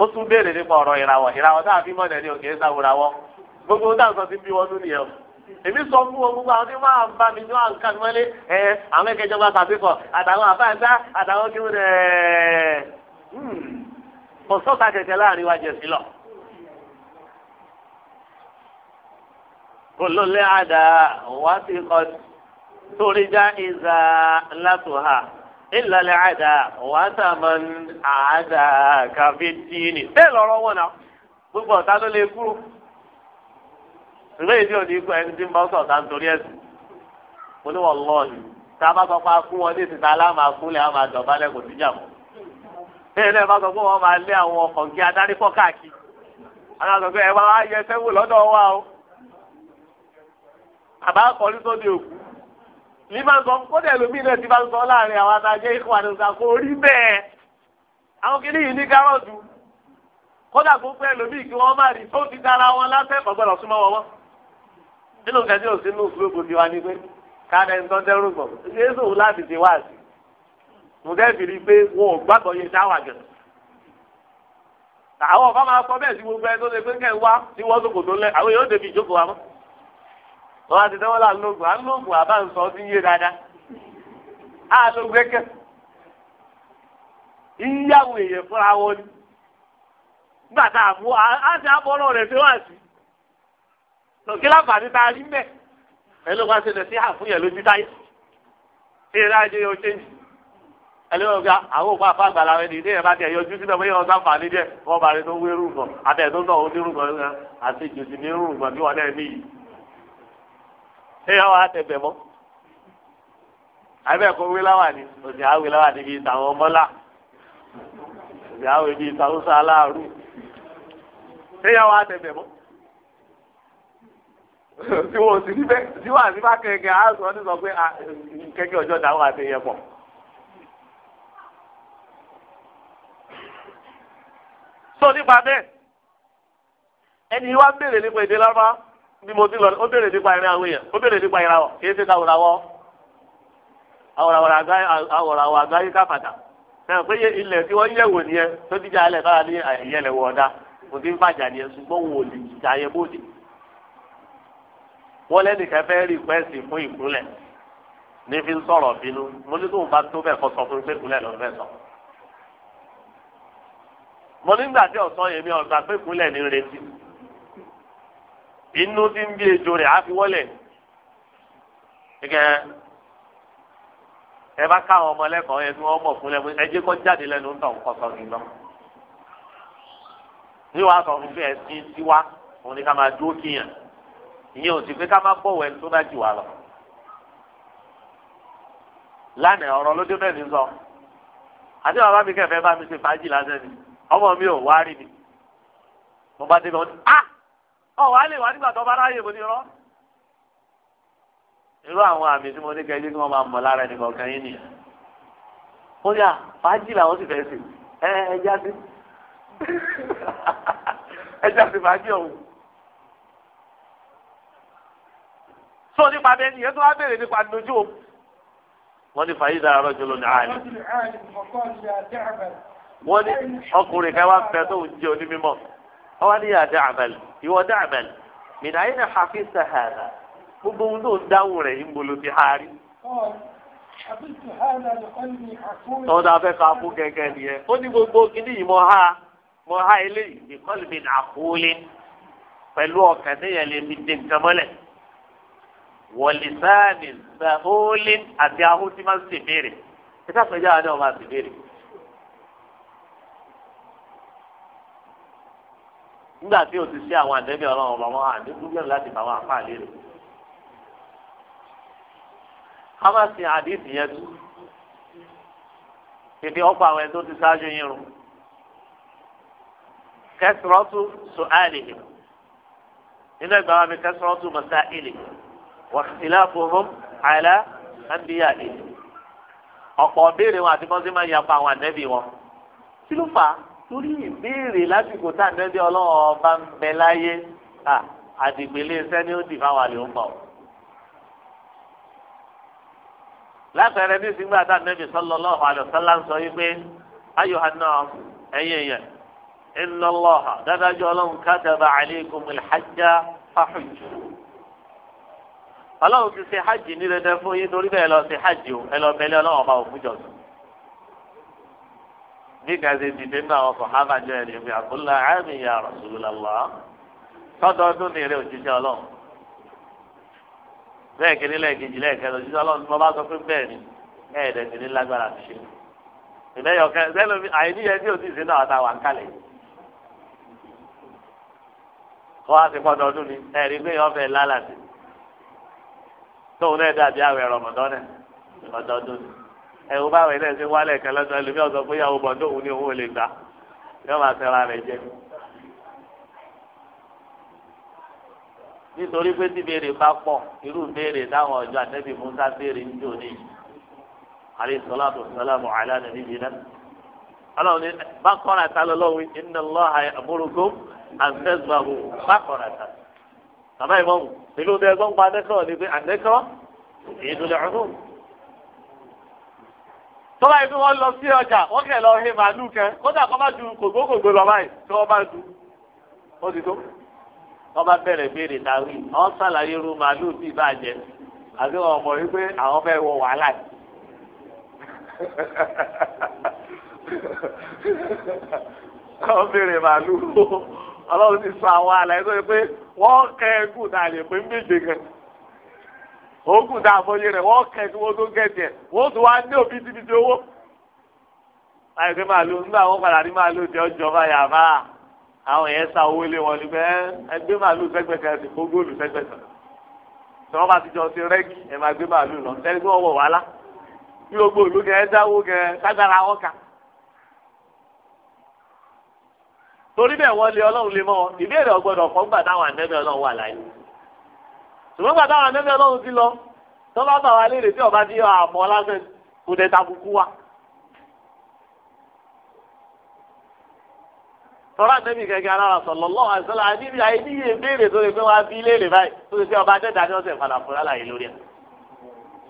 ó tún béèrè nípa ọ̀rọ̀ ìràwọ̀ ìràwọ̀ tá a fi mọ̀ nẹ́ni òkè sáwùràwọ̀ gbogbo ohun tá a sọ ti bí wọn lónìí ẹ̀ èmi sọ fún wọn gbogbo àwọn tí wọn à ń bá mi ní wọn à ń kà mọ́lé ẹ àwọn ìkẹjọba sàfikọ àtàwọn àbáńtá àtàwọn kí wọn ẹ hmm, kò sọ́ka kẹ̀kẹ́ láàrin wa jẹ̀sí lọ. kòlólẹ́ àdá wá sí kọ́ torí já ìzà látò ha. إلا العداء وثمن عداك في الدين بل روانا gbogbo ọ̀tá ló lè kúrò ìwé ìdí òní ikú ẹni tí ń bá ọ̀sán ọ̀tá nítorí ẹ̀sìn mo ní wọn lọ́ọ̀nù tá a bá sọ pé a kú ní bá ń sọ kódà ẹlòmíì náà ti bá ń sọ láàrin àwọn atajẹ́ ikú àdùnkà kò rí bẹ́ẹ̀ àwọn kìíní yìí ní kárọ̀tù kódà gbogbo ẹlòmíì kí wọ́n má rí tó ti dára wọn lásẹ̀ ọ̀gbọ́dọ̀ súnmọ́ wọn mọ́ nínú kẹjọ òsínú gbogbo ti wá ní pé káàdà ń tọ́jú ẹrú gbọ̀ yéésù láti ti wá sí mùsẹ́ fi rí i pé wọn ò gbàgbọ́ yé dáwà gẹ̀. àwọn ọ̀fà máa kọ bẹ́ẹ̀ sí gbogbo ẹ tó ṣe pé kẹ́ ń wá tí wọ́n sókòtò lẹ̀ àwọn èèyàn wọ́n á ti dánwó là ń lóògùn à ń lóògùn àbá ń sọ ọ́ sí yé dáadáa á lóògùn ẹ̀kẹ́ ìyáwó èèyàn fúnra wọn nígbà tá a mú á ti àbọ̀rọ̀ rẹ̀ fi wá sí láǹfààní tá a rí mẹ́ ẹ bá ṣe lẹ̀ sí lójú táyé ṣé ẹ yìí àwọn òkú àgbàlá rẹ sínú ọmọ ní díẹ̀ bá ẹ̀yà wa tẹ̀bẹ̀ mọ́ abẹ́ kó wíláwà ni òsì á wíláwà níbi ìtàwọn ọmọlá òsì á wíbi ìtàwọn sáláàrú ẹ̀yà wa tẹ̀bẹ̀ mọ́ tí wọn ò sì níbẹ̀ tí wọn àti bá kẹ̀kẹ́ á sọ ní sọ pé kẹ̀kẹ́ ọjọ́ dáhùn àti ẹ̀yẹ pọ̀. sọ nípa bẹ́ẹ̀ ẹni wá ń béèrè nípa èdè lárúbáwá bí mo ti lọ ó béèrè nípa ìrìn àwọn èèyàn ó béèrè nípa ìràwọ̀ kì í ṣe ká òràwọ̀ àwòràwọ̀ àgbáyé káfàtà náà pé ilẹ̀ tí wọ́n yẹ̀wò nìyẹn tó díjà alẹ̀ bára ní àyẹ̀lẹ̀ wọ̀ ọ̀dà kò sí ń fàjà nìyẹn ṣùgbọ́n wò lè jà yẹn bóde wọ́n lẹ́nìkan fẹ́ rìkwẹ́sì fún ìkúnlẹ̀ ní fi ń sọ̀rọ̀ bínú mo ní tóun bá tó bẹ́ẹ̀ kọ́ sọ fún pé ìkúnlẹ̀ lọ́ọ́ fẹ́ sọ. mo nígbà tí ọ̀sán yẹn mi ọ̀gbà pé ìkúnlẹ̀ ní retí inú ti ń bí ejò rẹ̀ á fi wọlé gẹ́gẹ́ ẹ bá káwọn ọmọ lẹ́kọ̀ọ́ yẹn tí wọ́n mọ̀ fún lẹ́kọ̀ọ́ ẹ jẹ́ kó jáde lẹ́nu ń tàn kọ́sọ́ ní lọ. wíwá sọ fún bẹ́ẹ̀ sí tiwa òun ni ká máa dúró kíyàn ìyẹn ò sì pé ká máa bọ̀wọ̀ ẹni tó bá jù wá lọ. lánàá ọ̀rọ̀ lójú bẹ́ẹ̀ ní sọ àti bàbá mi kẹfẹ́ bá mi ṣe fàájì lásán ni ọmọ mi ò wá rí mi mo bá débi wọn ni ah ọ wàá lè wá nígbà tó bá ráyè mo ní rọ. irú àwọn àmì tí mo ní kẹjú kí wọ́n máa mọ̀ lára ẹnì kọ̀ọ̀kan yín nìyẹn. ó yà fàájì làwọn sì fẹ́ sè é ẹ já sí ẹ já sí fàájì ọ̀hún. sọ nípa bẹ́ẹ̀ ni yẹn tó wá béèrè nípa dojú o wọ́n ní fàyídà arọ́jọ́lọ́ ní àlè. wọ́n ní ọkùnrin kan wá fẹ́ tó jẹ́ onímọ̀ ọwọ́ ní yàrá dàbẹ̀lì ìwọ dàbẹ̀lì mìíràn ayé ní hafi sahara gbogbo ohun tó ń dáhùn rẹ̀ ń bolo ti harí. tọ́wọ́n náà fẹ́ ká fún kẹ̀kẹ́ nìyẹn ó ní gbogbo kíní yìí mọ́ ha mọ́ ha eléyìí ìkọ́lù mi nà kúlé pẹ̀lú ọ̀kẹ́ níyẹn lè fi dé nǹkan mọ́lẹ̀ wọ̀lìsáàmì sàhólín àti ahùn tí máa ń sèbéèrè ìtàkùn ìjà wa náà máa sèbéèrè. nígbà tí o ti ṣe àwọn àdẹ́bí ọlọ́run ọmọ àdínkù bẹ̀rù láti bá wọn àfa àlérò. ká má sin àdìsí yẹn tú ìdí ọ̀pọ̀ àwọn ẹni tó ti ṣáájú yín rún. kẹsìrọ́tù sọ àìlèyìn nínú ẹgbàá wa mi kẹsìrọ́tù mọ̀sá ìlè wàhálà fòhùn àìlá àǹbíyà ìlè. ọ̀pọ̀ béèrè wọn àti bọ́sí máa ń yapa àwọn àdẹ́bí wọn. kí torí ìbéèrè lásìkò tá à ń dẹ́bí ọlọ́run ọba ń bẹ láyé àdìgbélé iṣẹ́ ni ó dì fáwọn àlè ń bọ̀. látàrẹ ní sígbà tá à ń dẹ́bí sallallahu alaihi wasallam ń sọ yí pé ayyuhan nas ẹ̀yìn èèyàn inna Allaha dádájọ́ ọlọ́run kataba alaykumul hajja fahujju. ọlọ́run ti ṣe hajj ní dandan fún yín torí bẹ́ẹ̀ lọ ṣe hajj o ẹ lọ bẹ́ẹ̀ lọ́wọ́ ọba òfújọ́sùn bí ká ṣe dìde ní àwọn sọ̀hábà jẹ́ ẹ̀rí ìwé àbúlá àmì ya Rasulullah tọ́dọọdún ní eré òjíṣẹ́ ọlọ́run bẹ́ẹ̀ kìíní lẹ́ẹ̀kejì lẹ́ẹ̀kẹrin òjíṣẹ́ ọlọ́run tí mo bá sọ pé bẹ́ẹ̀ ni ẹ̀ẹ́dẹ̀ kìíní lágbára ti ṣe ìmẹ́yọ̀kẹ́ sẹ́lómi àìníyẹ tí ò sì sí náà àtàwọn àǹkálẹ̀ kọ́ àti pọ́dọọdún ni ẹ̀rí pé ọ̀fẹ́ lálàsì tóun náà dàbí àwẹ̀ rọ̀mọ̀dọ́nẹ̀ ọ̀dọ́dún ni ẹ̀wọ̀n báwo ilé ẹ̀sìn wálẹ̀ kan lọ́sọ̀ ẹlòmí ọ̀sọ̀ fún ìyàwó bọ̀ǹdó òun ní owó lè gbà yóò máa tẹ̀ra rẹ̀ jẹ. nítorí pé tí béèrè bá pọ̀ irú béèrè táwọn ọjọ́ àtẹ́bí Musa béèrè ń jò ní àlè sọlá tó sọlá mọ̀ àlá nàbí jìnnà. ọlọ́run ní bákọ́ra ta lọ́wọ́ iná lọ́ha àbúrúkú àtẹ́sùbàbù bákọ́ra ta. bàbá ìmọ̀ ìlú tẹ́gbọ́n pa adẹ́kọ̀ọ́ ni pé adẹ́kọ̀ọ́ èyí tó ọdún. tọ́ba yìí bí lọ sí ọjà wọ́n kẹ̀ lọ he màálù kẹ́ kódà kọ́ bá ju kògbókògbó lọ báyìí bá du ó ti tó wọ́n bá bẹ̀rẹ̀ béèrè táwí àwọn sàlàyé ru màálù bíi bàjẹ́ àti wọn mọ̀ wípé àwọn fẹ́ wọ wàhálà yìí. béèrè màálù ọlọ́run oògùn tá a fọyín rẹ̀ wọ́n kẹ́ tí wọ́n tó gẹ̀ẹ́sì ẹ̀ wọ́n tún wá ní òbítíbitì owó. láì pé màálù nígbà wọn padà ní màálù tí ó jọba yàrá àwọn yẹn sa owó lé wọn níbẹ̀ ẹ gbé màálù sẹ́gbẹ̀sẹ̀ ẹ sì góòlù sẹ́gbẹ̀sẹ̀. tí wọ́n bá ti jọ ti rẹ́gì ẹ máa gbé màálù lọ sẹ́ni tí wọ́n wọ̀ wá bí gbogbo òlú kẹ ẹ dáwó kẹ kágbára wọn kà. torí bẹ́ẹ̀ wọ́n lé ọlọ́run lé mọ́ ìbéèrè ọgbọ́dọ̀ fọ́ngbà táwọn àtẹ́bẹ̀ ọlọ́run wà láyé ṣùgbọ́n bàtà wà nẹ́bẹ̀ ọlọ́run ti lọ tọ́lá bà wá tí ọba di àmọ́ lásán kò dẹ̀ takùkù wa. tọ́lá nẹ́bì gẹ́gẹ́ alára sọ̀lọ́ lọ́wọ́ àìsọ́lá níbi ayé níyè béèrè tó lè pé wá bí léèrè báyìí tó lè fi ọba dẹ́ta ní ọ̀sẹ̀ padà fún aláyé lórí ẹ̀.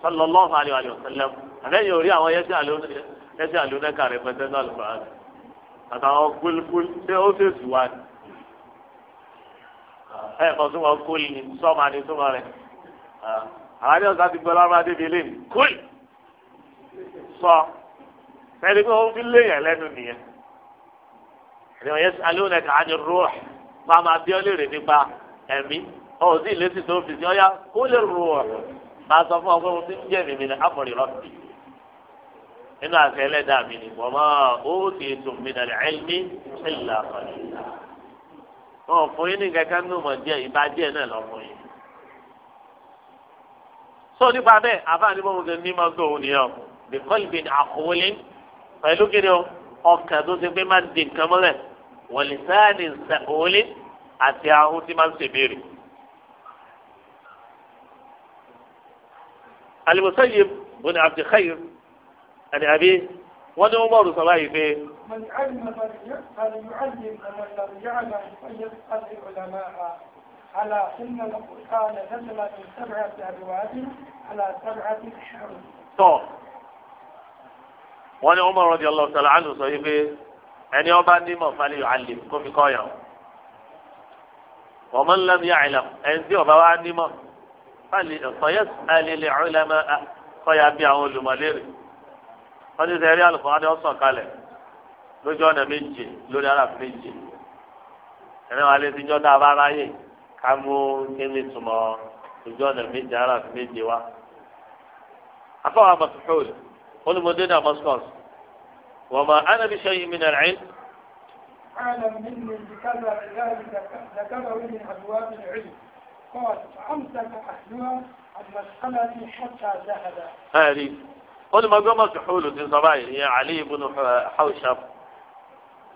sọ̀lọ́ lọ́wọ́ àlè wàlè ọ̀sẹ̀lẹ̀ àbẹ́yìn orí àwọn yẹ́sẹ̀ àlùnẹ́kà rẹ̀ pẹ̀tẹ́ náà lọ́wọ́ àtàwọn gbólúgbólú ẹ kọ́ súnmọ́ kúlì ní sọ́ọ̀mà ní súnmọ́ rẹ̀ àwọn àdéhùn sáà ti gbọ́ lọ́rọ́ adébí lé mi kúlì sọ ẹni pé wọ́n fi léèyàn lẹ́nu nìyẹn àdéhùn yẹn alóhùn ẹ̀ka ni. rúwà máa máa bí ọ léèrè nípa ẹ̀mí ọ̀hún sí ìlẹ́sì tó fi sí ọ̀yá kó lè rúwà máa sọ fún ọ pé mo ti ń jẹ́ mímí ní àpọ̀rì rọ́ọ̀tì nínú àṣẹ ẹlẹ́dàá mi ni wọ́n máa ó ti tùmí nàlẹ́ ẹ̀mí ìlà ọ̀nà ìlà wọn ò fún yín ní kankan nínú mọ̀ díẹ̀ ìbá díẹ̀ náà lọ fún yín. sọ nípa bẹ́ẹ̀ àbáàní bọ́ mo ti ní mọ́ tó òun yẹn o bìkọ́ ìbí àkọwọlé pẹ̀lú kí ni o ọkàn tó ti pé máa di nǹkan mọ́lẹ̀ wọ̀lì sáàdì ṣàkọwọlé àti ahun tí máa ń ṣèbéèrè. alimusayi bùnà abdulkhayr àti àbí wọn ní wọn bọ̀rù sọ báyìí pé. من علم من يعلم من لم يعلم فليسأل العلماء على أن القرآن نزل من سبعة أبواب على سبعة أشهر. wọ́n ní Umar radiyallahu ta'ala anhu sọ yìí pé ẹni ọba nímọ̀ fali yu'allim kó fi kọ́ yàn wa man lam ya'lam ẹni tí ọba wa nímọ̀ fali fayas'alil ulama kọ́ ya bí àwọn olùmọ̀lérè wọ́n ti sẹ́rí àlùfáà ni wọ́n sọ̀ kalẹ̀ lójú ọ̀nà méje lórí arab méje ẹ̀rẹ́ wa lé síjọ́ tá a bá ráyè ká mú kéwì túmọ̀ lójú ọ̀nà méje arab méje wa. afọwọ́ mọ̀sùlùmí olùmọdé náà mọ́sùlùmí wọ́n mọ anábì ṣe yìí mìíràn rẹ̀. أعلم مني بكذا ذلك ذكره من أبواب العلم قال أمسك أهلها المسألة حتى ذهب. هذه قل ما قام سحول الدين صباحي هي علي بن حوشب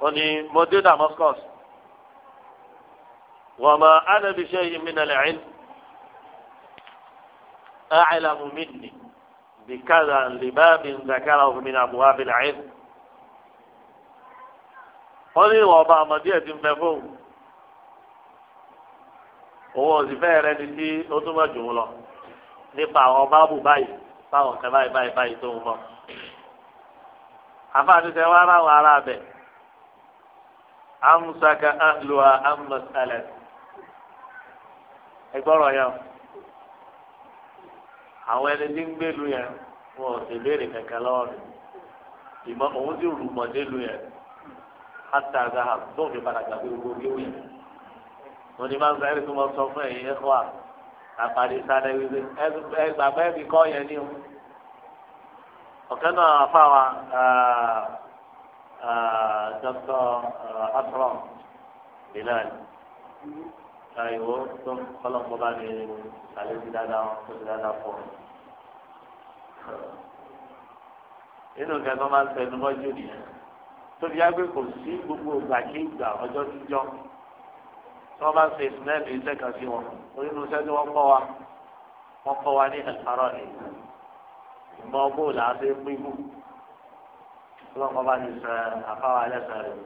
ó ní mo dé Damascus wa ma ana bi shay'in min al-'ilm a'lamu minni bi kadha li babin dhakarahu min abwab al-'ilm ó ní ìwọ̀n ọba àmọ̀dí ẹ̀ ti ń bẹ fóun òun jù ú lọ nípa àwọn báàbù báyìí báwọn kan báyìí báyìí báyìí tó ń mọ̀ àfáàtúnṣe wa ráwọn ará bẹ̀ amusaka aluwa amasala ẹgbọràn yẹn àwọn ẹni tí ń gbèlú yẹn wọn ò sì béèrè kankan lọ́wọ́ rẹ̀ ìmọ̀ òun sì rù mọ̀ nílùú yẹn hata zahab tó fi padà gbàgbé gbogbo gbéwò yẹn wọn ni máa ń sọ tó máa sọ fún ẹ̀yin ẹ̀kọ́ à àpàdé sáré wípé ẹgbàgbọ́ ẹ̀mí kọ́ yẹn ní o ọ̀kẹ́ náà fáwa ẹ̀ẹ́ dr akram bilal àìwò tó ń kọ́lọ́ kó bá mi kàlẹ́ sí dáadáa wọn tó ti dáadáa pọ̀. nínú kẹ́kọ̀ọ́ máa ń sẹ́nu mọ́jú nìyẹn tóbi agbe kò sí gbogbo gbàkégbà ọjọ́ jíjọ́ tí wọ́n bá ń ṣe ìsúnẹ́ẹ̀lì iṣẹ́ kan sí wọn onínú iṣẹ́ tí wọ́n kọ́ wa wọ́n kọ́ wa ní ẹ̀kárọ̀ ni ìmọ̀ bóòlù àti pínpín ọlọ́run bá ti sẹ àfáwà ẹlẹ́sẹ̀ rẹ̀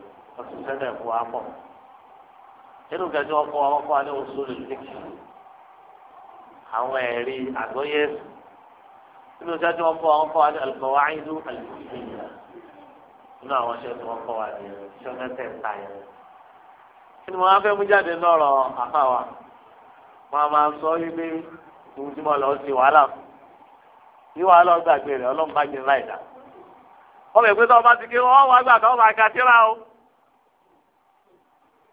ọtún sẹ́dẹ̀ fún wa pọ̀ nínú gẹ̀ẹ́sì ọkọ̀ ọkọ̀ alẹ́ oṣù lè lékì àwọn ẹ̀rí àgbọ́yé nínú gẹ̀ẹ́sì ọkọ̀ ọkọ̀ alẹ́ alùpùpù àìdú alùpùpù nínú àwọn iṣẹ́ tí wọ́n kọ́ wa ní iṣẹ́ mẹ́tẹ̀ ń ta yẹn kí ni wọ́n á fẹ́ mú jáde lọ́rọ̀ àfáwà wọ́n á máa sọ wípé ìwúdí lọ sí wàhálà yí wàhálà ọgbàgbé rẹ̀ wọ́n bẹ̀ pé tọ́ ọba ti ké wọ́n wá gbà tọ́ ọba kàtíra o.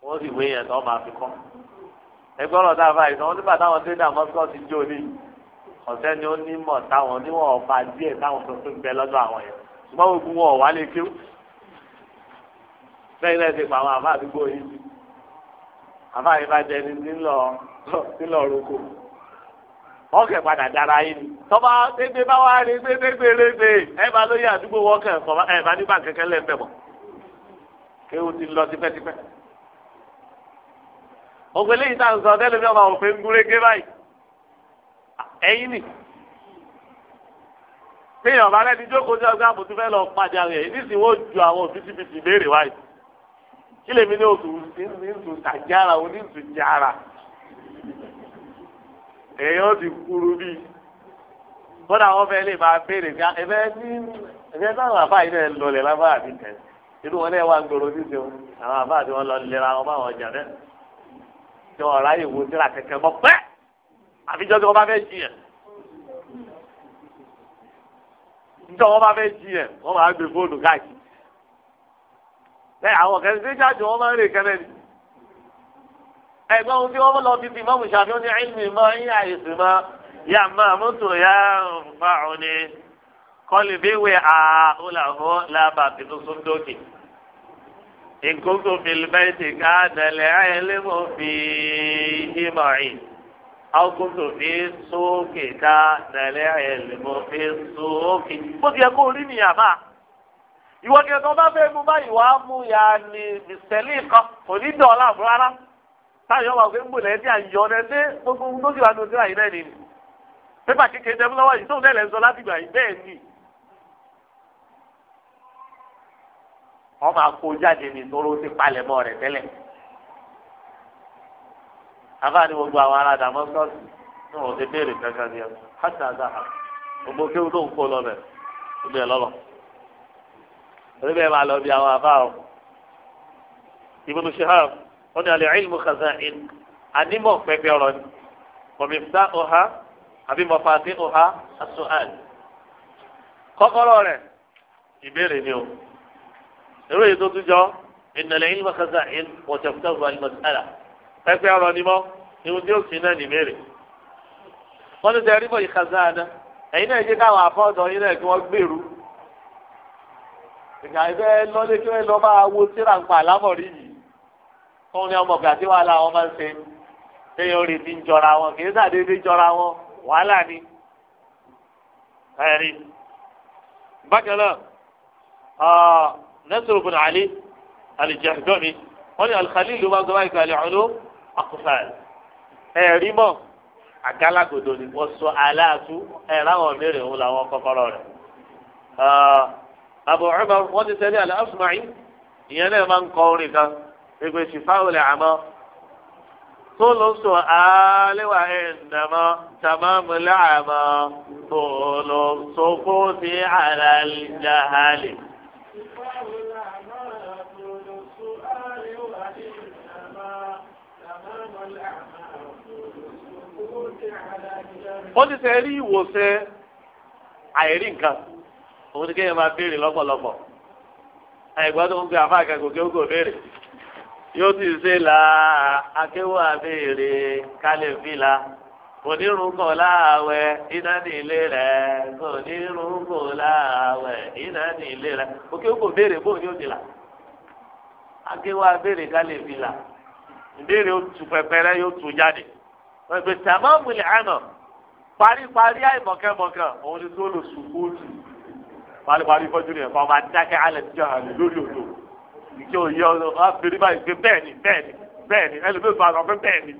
wọ́n sì wé yẹn tọ́ ọba fi kọ́. ẹgbẹ́ ọ̀rọ̀ tá a fa ìsàn wọn táwọn tó àmọ́síkọ́ ti jó ní ọ̀sẹ́ ni ó ní mọ̀ táwọn níwọ̀n ọba díẹ̀ táwọn tó bẹ lọ́dọ̀ àwọn yẹn ṣùgbọ́n gbogbo wọn ò wá lè kéw. bẹ́ẹ̀ náà ti pa àwọn àfa àdúgbò yìí ọkẹ padà dára yín ni tọba gbégbé bá wà ní gbégbégbélégbé ẹ bá lóye àdúgbò wọkẹ kọba ẹ bá nígbà kẹkẹ lẹfẹ bọ kéwù ti lọ tipẹ́tipẹ́. ògbé lẹ́yìn tá à ń sọ tẹ́lẹ̀ mi ọba òfin gúrégé báyìí ẹ̀yin nì. téèyàn ọba rẹ ti jókòó sí ọgbà àbùtú fẹ́ lọ pàdé àwọn èyí nísìnyí wọ́n ju àwọn bìtìbìtì béèrè wáyìí kí lèmi ní oṣù èèyàn ti kúrú bí kódà wọn fẹ́ lè máa béèrè bí ẹbẹ ní ẹbẹ táwọn àbá yìí náà lọlẹ lábá àbí tẹ irú wọn náà wà gbòòrò títí o àwọn àbá àti wọn lọ lera wọn bá jà dẹ tí wọn ráyè wo síra kẹkẹ mọ pẹ àbíjọ tí wọn bá fẹ́ jiyàn níjọ wọn bá fẹ́ jiyàn wọn máa gbé fóònù káàkiri bẹ́ẹ̀ àwọn kẹsìtì ẹ̀gbọ́n ohun tí wọ́n lọ fi ti mọ́mù ṣàfi ó ní ẹ̀mí mọ́ ẹ̀yìn àìsàn mọ́ yà máa mọ́tò yà fà ó ní kọ́lì bí wẹ́ à ó làwọn lábà tìlú sóńdókè. ìkókò fìlìbẹ́ẹ̀tì ká dẹ̀lẹ̀ ẹ̀lẹ́mọ̀ fi hímọ̀ ìn àwòkóso fi sókè ká dẹ̀lẹ̀ ẹ̀lẹ́mọ̀ fi sókè. bó ti yẹ kó rí nìyà máa ìwọ ni ẹ̀kọ́ bá fẹ́ mú báyìí wàá mú ya ni bìsẹ̀lì kan kò ní dọ̀ọ́lá rárá táyọ̀ wà pé ń bò lẹ́ẹ̀dí àyọ̀ ọ̀nà ẹgbẹ́ gbogbo ohun tó sì wà ní ojú àyè náà nìyí pépà kékeré jẹ́ fúláwà yìí tóun lẹ́lẹ̀ ń sọ láti gbà yìí bẹ́ẹ̀ ni wọ́n máa kó jáde ní tóró ti palẹ̀ mọ́ rẹ̀ tẹ́lẹ̀ àbá ni gbogbo àwọn ará dàmọ́ sọ́ọ̀sì ní wọ́n ti béèrè kankan ní ẹ̀kọ́ hàtà àdáhà gbogbo kéwù tó ń kó lọ bẹ̀ ó bẹ̀ lọ́lọ́ orí bẹ́ẹ̀ máa lọ bí àwọn àbá o ibùdó ṣe hàn wọ́n ní alẹ́ ilmu khaza'in ànímọ̀ pẹ́pẹ́ ọ̀rọ̀ ni mọ̀mísà ọ̀há àbí mọ̀fàdé ọ̀há as-su'al. kọ́kọ́rọ́ rẹ̀ ìbéèrè ni o èrò yìí tó tún jọ ìnàlẹ̀ ilmu khaza'in wọ́n ti fún ọ̀rọ̀ al-mas'ala pẹ́pẹ́ ọ̀rọ̀ ni mọ́ ihun tí ó sì náà ní ìbéèrè. wọ́n ti tẹ̀rí mọ́ ìkhaza'ana ẹ̀yin náà jẹ́ káwọn àfọ́dọ̀ yín náà kí wọ́n gbèrú ìgbà ìfẹ́ lọ́lé kí wọ́n lọ bá wo síra ń pa àlámọ̀rí yìí kọ́ ní ọmọ gàdí wàhálà wọn máa ń ṣe téèyàn rí ti ń jọra wọn kì í sàdédé jọra wọn wàhálà ni ẹ̀rí. bákan náà nẹ́sùrù bùnà àlí àlìjẹ̀dọ́mi wọ́n ní alìkàlí ìlú wa gbọ́dọ̀ ìkàlẹ̀ ọ̀lú àkùfà ẹ̀rí mọ́ àgálágodo ni wọ́n sọ aláàtú ẹ̀rọ àwọn mẹ́rin òun làwọn kọ́kọ́rọ́ rẹ̀. Abu Umar wọ́n ti sẹ́ni àlẹ́ asùmáyí ìyẹn náà máa ń kọ orin kan gbogbo ṣìfáwò lè àmọ́ tó ló ń sọ àálẹ́wà ẹ̀ǹdàmọ́ tàmámù láàmọ́ tó ló ń sọ fóònì àlàjáhálì. ó ti sẹ́ rí ìwòsàn àìrí nǹkan òun ni kéèyàn máa béèrè lọ́pọ̀lọpọ̀ àìgbọ́dọ̀ ń gbé àfáà ó kò béèrè. yóò ti ṣe la akéwò abéèrè kálífìlà onírúkọ láàwẹ iná nílé rẹ onírúkọ láàwẹ iná nílé rẹ òkè òkò béèrè bó ni ti la akéwò abéèrè kálífìlà ìbéèrè ó tu pẹpẹrẹ yóò tu jáde wọn gbèsè àmọ́ àná paríparí àìmọ̀kẹ́mọ̀kẹ́ òun ni tó lò lórí ìjọ òye ọ̀rọ̀ àbẹ̀rí báyìí pé bẹ́ẹ̀ ni bẹ́ẹ̀ ni bẹ́ẹ̀ ni ẹlòmíì fún akọ pé bẹ́ẹ̀ ni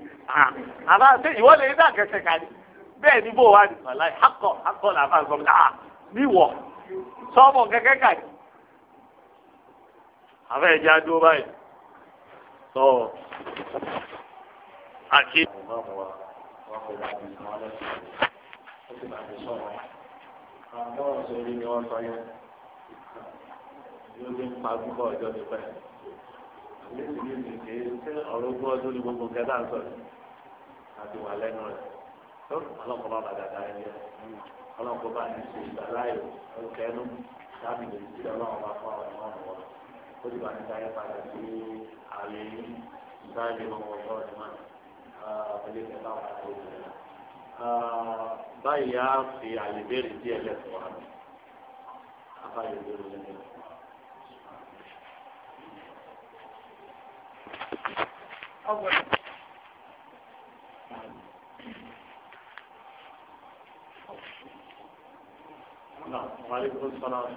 àbá ṣe ìwọ lè dá kẹsẹ̀ kàní bẹ́ẹ̀ ni bó wà ní wàláì akọ akọ làbá sọ pé à níwọ̀ sọ́mọ kẹ́kẹ́ kàní. àbẹ́ ẹ̀jẹ̀ adúró báyìí sọ àkí. Àwọn ọmọ sọ̀rọ̀ ni wọ́n sọ yẹn yóò fi ń pa gbogbo ọjọ́ nípa ẹ̀. àlejò yìí ti ṣe ṣé ọ̀rọ̀ ogún ọdún ni gbogbo kẹta ń sọ ni àti wà lẹ́nu rẹ̀ tó ọlọ́kọ̀ bá bàtà dá ẹ yẹ ọlọ́kọ̀ bá ní ṣe ìgbà láàyò ọlọ́kẹ́nu láti lè ṣí ọlọ́run bá fún àwọn ọmọ wọn ó ti bá ní ká yẹ padà sí ààyè yìí ìbáyé wọn wọ ọgbọ́n ọdún mọ́ni ọ̀pẹ̀lẹ̀ báyìí á fi àlè béèrè díẹ̀ lẹ́fọ̀ọ́ أولا نعم وعليكم السلام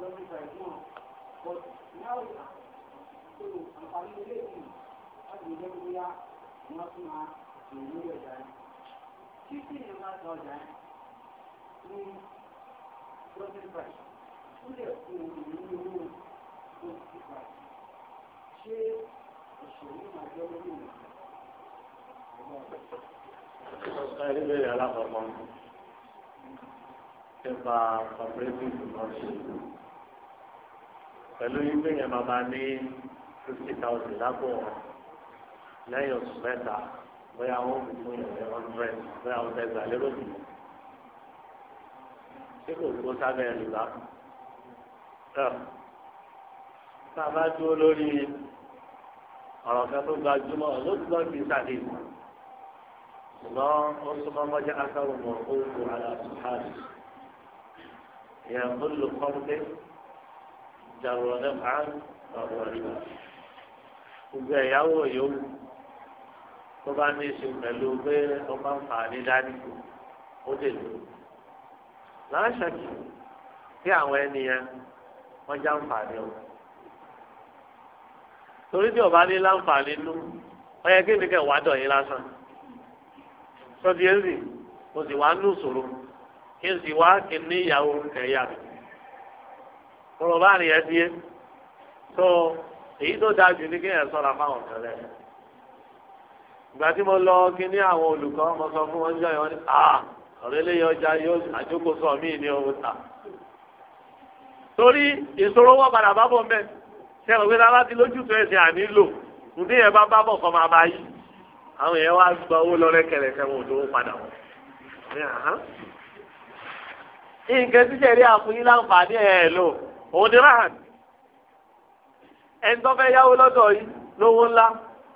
lọ́dún ìgbàlẹ̀ náà but now so àǹfààní ilé yìí láti lè jẹ́ bóyá wọ́n tún máa lè lórí ọjà yẹn. títí ìyẹn máa ta ọjà yẹn ní lọ́dún ìgbàlẹ̀ pẹ̀lú ilé yẹn máa máa ní fifty thousand lápò lẹ́yìn oṣù mẹ́ta bóyá wọ́n fi fún yẹn ní hundred bóyá wọ́n tẹ̀gbà lérò jù ṣé kò gbó sábẹ́ rìbá tá a bá dúró lórí ọ̀rọ̀ kan tó gbajúmọ̀ lóòótọ́ kì í sàdé ṣùgbọ́n ó súnmọ́ mọ́jà ásáwò mọ̀ ó kò àlàáfíà yẹn ó lò kọ́ńté jàrọ̀ lẹ́bàá ọ̀rọ̀ rẹ̀ gbogbo ẹ̀yáwó yòówù tó bá ní í ṣe pẹ̀lú pé ọba ń fà ní dání ó lè lò láṣàkì tí àwọn ènìyàn wọ́n já ń fà ní ọ̀rọ̀ torí tí ọba ní láǹfààní nú ọyẹ kí nìkẹ́ wàá dọ̀ yín lásán sọ́dí ẹ̀sìn mo sì wá nú sòrò kí n sì wá kí n ní ìyàwó ẹ̀yà mi. tọrọ bá nìyẹn ti tó èyí tó dáa jù ní kéèyàn sọ̀rọ̀ ìgbà tí mo lọ kí ní àwọn olùkọ́ mo sọ fún wọn jọ ta torí ìṣòro wọn padà bá bọ̀ mẹ́ ṣe lójútùú ànílò bá bá bọ̀ kọ́ máa bá àwọn wá owó padà wọ̀ nǹkan tíṣẹ̀rí òun ni rahan ẹni tó fẹ́ yáwó lọ́dọ̀ yìí lówó ńlá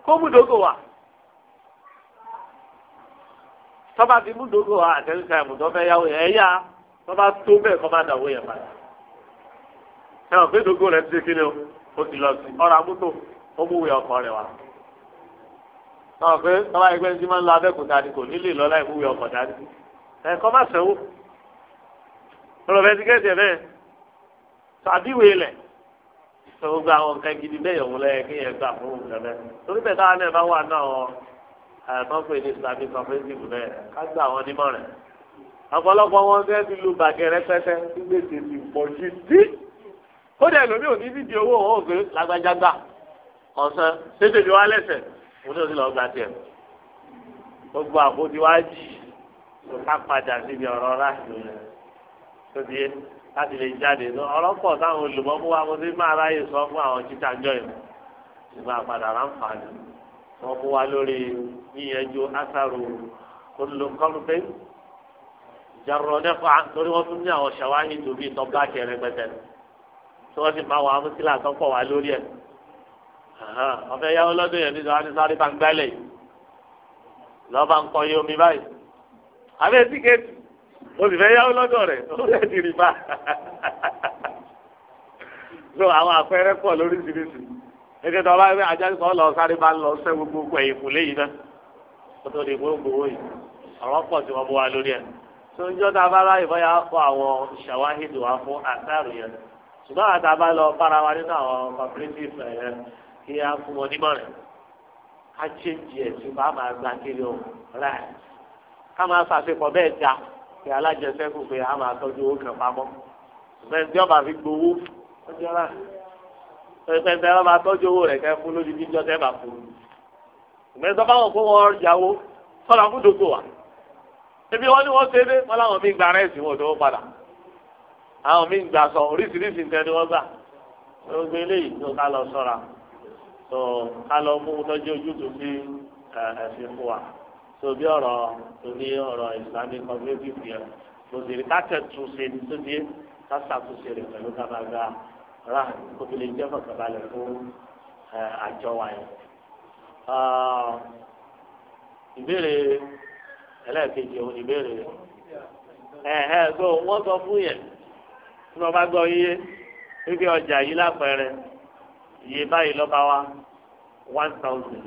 kó múdògò wà tọ́ba fi múdògò wà àtẹnusá ẹ̀mú tó fẹ́ yáwó yẹn ẹ̀yà tọ́ba tó bẹ́ẹ̀ kọ́ máa dàwó yẹn padà ẹ̀wọ̀n pé dògò rẹ̀ ti kí ni o ó ti lọ sí ọ̀rọ̀ àmútó ó mú ìwé ọkọ rẹ̀ wá náà pé tọ́ba ẹgbẹ́ ti máa ń lọ abẹ́kúta ni kò nílè lọ́lá ìmúwé ọkọ̀ dání ẹ̀kọ́ má sẹ́wó tàbíwé lẹ̀ tó gbogbo àwọn nǹkan gidi bẹ́ẹ̀ òun lẹ́yìn kí yẹn gbà fún òun lẹ́lẹ́ torí bẹ́ẹ̀ táwọn náà bá wà náà tọ́pẹ́ ní islamic offensive bẹ́ẹ̀ ká gbà wọn nímọ̀ rẹ̀ ọ̀pọ̀lọpọ̀ wọn fẹ́ ti lu bàgẹ́ rẹpẹtẹ gbèsè ti pọ̀ sí sí ó dẹ̀ lómi ò ní fídíò owó òun ògbé lágbájágbá ọ̀sán ṣéṣèjì wa lẹ́sẹ̀ òun náà ti lọ gba tiẹ̀ gbogbo àpótí wa jì ká padà síbi ọ̀rọ̀ ráàlú láti lè jáde ọ̀rọ̀ pọ̀ táwọn olùmọ̀mú wa mo ti máa ráyè sọ fún àwọn títà jọ yìí ìgbà padà ráǹfààní wọn mú wa lórí yíyanjú asaru olùkọ́lùfẹ́ jarọ nẹ́fà lórí wọn fún mi àwọn ṣàwáhì tóbi tọ́gbà kẹrẹ pẹtẹ tí wọ́n ti máa wọ amúsílà tó pọ̀ wá lórí ẹ̀ ọ̀fẹ́ yáwó lọ́dún yẹn nígbà wọn ti sáré bá ń gbálẹ̀ lọ́ọ́ bá ń kọ́ yé báyìí àbẹ́ tíkẹ́ẹ̀tì mo sì fẹ́ yáwó lọ́dọ̀ rẹ̀ ó lè di rìbá so àwọn àpẹẹrẹ pọ̀ lóríṣiríṣi gẹ́gẹ́ tó bá rí ajá kan lọ sáré bá lọ sẹ́ gbogbo ẹ̀yìn kù léyìí náà kó tó di gbogbo yìí ọ̀rọ̀ pọ̀ tí wọ́n bó wa lórí ẹ̀ tó ń jọ́ tá a bá ráyè bọ́yá fún àwọn ṣàwáhìdì wa fún àtàrò yẹn ṣùgbọ́n àti àbá lọ bára wa nínú àwọn cooperative ẹ̀ eh, kí a fún wọn nímọ̀ràn ká chéjì ẹ̀ tí bá máa gbá kiri ọ̀rẹ́ ká máa ṣàṣepọ̀ pé alájẹsẹ́kù pé a máa tọ́jú owó kan pamọ́ bẹ́ẹ̀ tí ọba fi gbowó ọjọ́ rà pẹ̀pẹ̀ tẹ́ ọba tọ́jú owó rẹ̀ kẹ́ fún lójú jíjọ́ tẹ́ bá fún un ìgbẹ́ tó bá wọ̀ fún wọn yàwó sọ̀rọ̀ fún dòkò wa ebi wọn ni wọn ṣe dé wọn làwọn míì gba ara ẹ̀sìn wọn tó padà àwọn míì gbà sọ oríṣiríṣi nǹkan ni wọn gbà gbogbo eléyìí tó ká lọ sọ́ra tó ká lọ mú tọ́jú ojútùú sí ẹ̀sìn fún wa tóbi ọ̀rọ̀ tóbi ọ̀rọ̀ islamic cooperative yẹn lòsèré kákẹ́tù ṣe ní tóbi kásàtúnṣe rẹ̀ pẹ̀lú kábàgà rà kó fi lè jẹ́ fọ̀kàbalẹ̀ fún àjọ wa yẹn. ìbéèrè ẹlẹ́ẹ̀kejì òun ìbéèrè ẹ̀hẹ́ gbọ́ wọ́n sọ fún yẹn tí wọ́n bá gbọ́ iye wípé ọjà yìí lápẹẹrẹ iye báyìí lọ́ba wa one thousand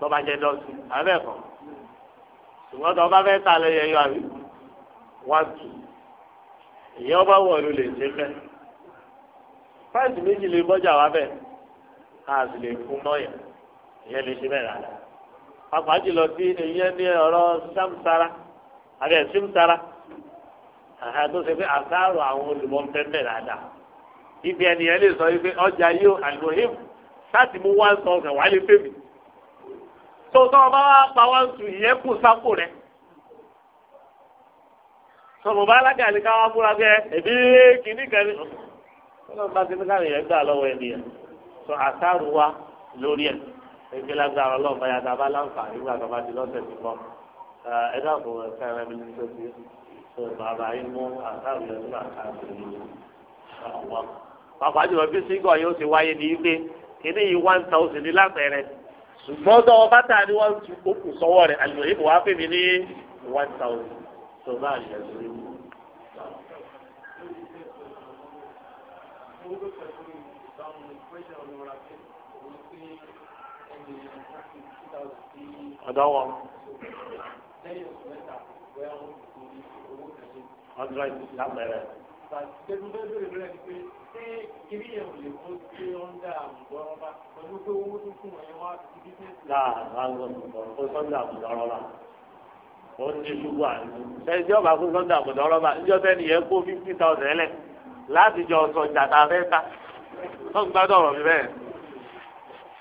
lọ́ba jẹ́ dọ́sùn abẹ́ẹ̀kọ́. ṣùgbọ́n tó bá fẹ́ ta lọ yẹ yọ àbí wá tù ìyá ọba wọ̀lú lè ṣe fẹ́ fáìsì méjì lè bọ́jà wá bẹ́ẹ̀ a sì lè fún mọ́yà ìyẹn lè ṣe bẹ́ẹ̀ rárá pàpà jùlọ tí ìyẹn ní ọ̀rọ̀ samsara àbí simsara àtàtò ṣe pé àtàrò àwọn olùmọ̀ ibi ẹnìyẹn lè sọ ọjà tó tọ́ ọba wa pa wá ń sùn ìyẹn kù sápò rẹ̀ sọ̀rọ̀ bá alága ni ká wá fúra pé ẹ̀bí kìíní kan ní ọlọ́run bá ti ní káwọn èèyàn gbà lọ́wọ́ ènìyàn sọ àtàrù wa lórí ẹ̀ ẹgbẹ́ lágbára ọlọ́run báyà tá a bá láǹfààní nígbà tó bá di lọ́sẹ̀ tó kọ́ ẹ dáàbò ẹ̀ka ẹ̀rọ mi ní sọ́sí sọ bàbá yín àtàrù yẹn nígbà káàkiri ọ̀wọ́. pàpà jùlọ bí sígọ̀ yóò ti wáyé ní ipe kìíní yìí one thousand ní lápẹ̀rẹ̀ ṣùgbọ́n tó ọba tà ní wọ́n tu okùn sọ́wọ́ rẹ̀ àlùmọ̀ yìí wàá pè mí ní one thousand tó bá yẹ lórí. ọ̀dọ́ wọn. ọ̀dọ́ ìlànà rẹ̀ tẹ̀sán tó fún sọ́ndà àmùdọ́rọ́bà ó ní ṣubú yẹn kó fifty thousand ẹlẹ̀ láti jọ sọ jàdá fẹ́ ta tó ń gbádùn ọ̀rọ̀ mi bẹ́ẹ̀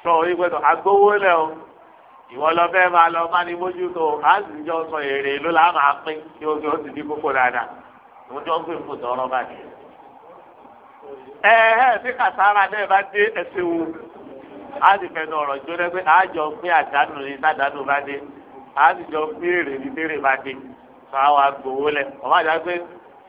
sọ orí pẹ̀tọ̀ agbówó lẹ̀ o ìwọ lọ fẹ́ máa lọ má ní mójútó á jọ sọ èrè ló lá pín kí o sì ó kókó dáadáa òun jọ ń gbé nǹkó tọrọ bá dé. ẹ ẹ bí kàtàrà náà bá dé ẹsẹ wo a sì fẹnu ọ̀rọ̀ jóná pé a jọ pé àdánù ni sàdánù bá dé a sì jọ pé èrè ni tèrè bá dé sọ àwọn agbowó lẹ ọmọ àjà pé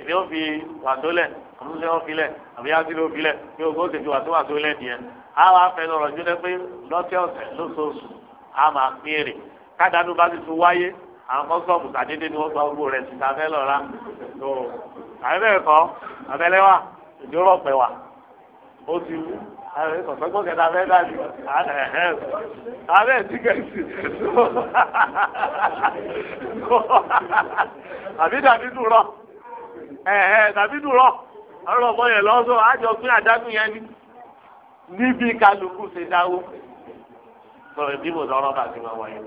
èmi ò fi wàtó lẹ àmúṣe wọn fi lẹ àbí yá sílẹ̀ ó fi lẹ bí o gbọ́dọ̀ fi wàtó wàtó lẹ nìyẹn a wà fẹnu ọ̀rọ̀ jóná pé lọ́tẹ̀ ọ̀sẹ̀ lóṣooṣù a máa pín èrè kádánù bá ti tún wáyé àwọn kọ́sọ̀mù sàdédé ni wọ́n gba owó rẹ̀ síta fẹ́ lọ́ra tó àbẹ̀kọ́ abẹ́lẹ́wà ìjọ́rọ̀ pẹ̀ wà ó ti wú àbẹ̀ kẹta fẹ́ dájú àbẹ̀ tíkẹ́tì àbí dàbí dùrọ̀ dàbí dùrọ̀ ọ̀rọ̀ lọ́sọ̀ àjọ pín yẹn níbi kálukú ṣe dáwó sọ̀rọ̀ ìdìbò sọ̀rọ̀ bàtí wọn wáyé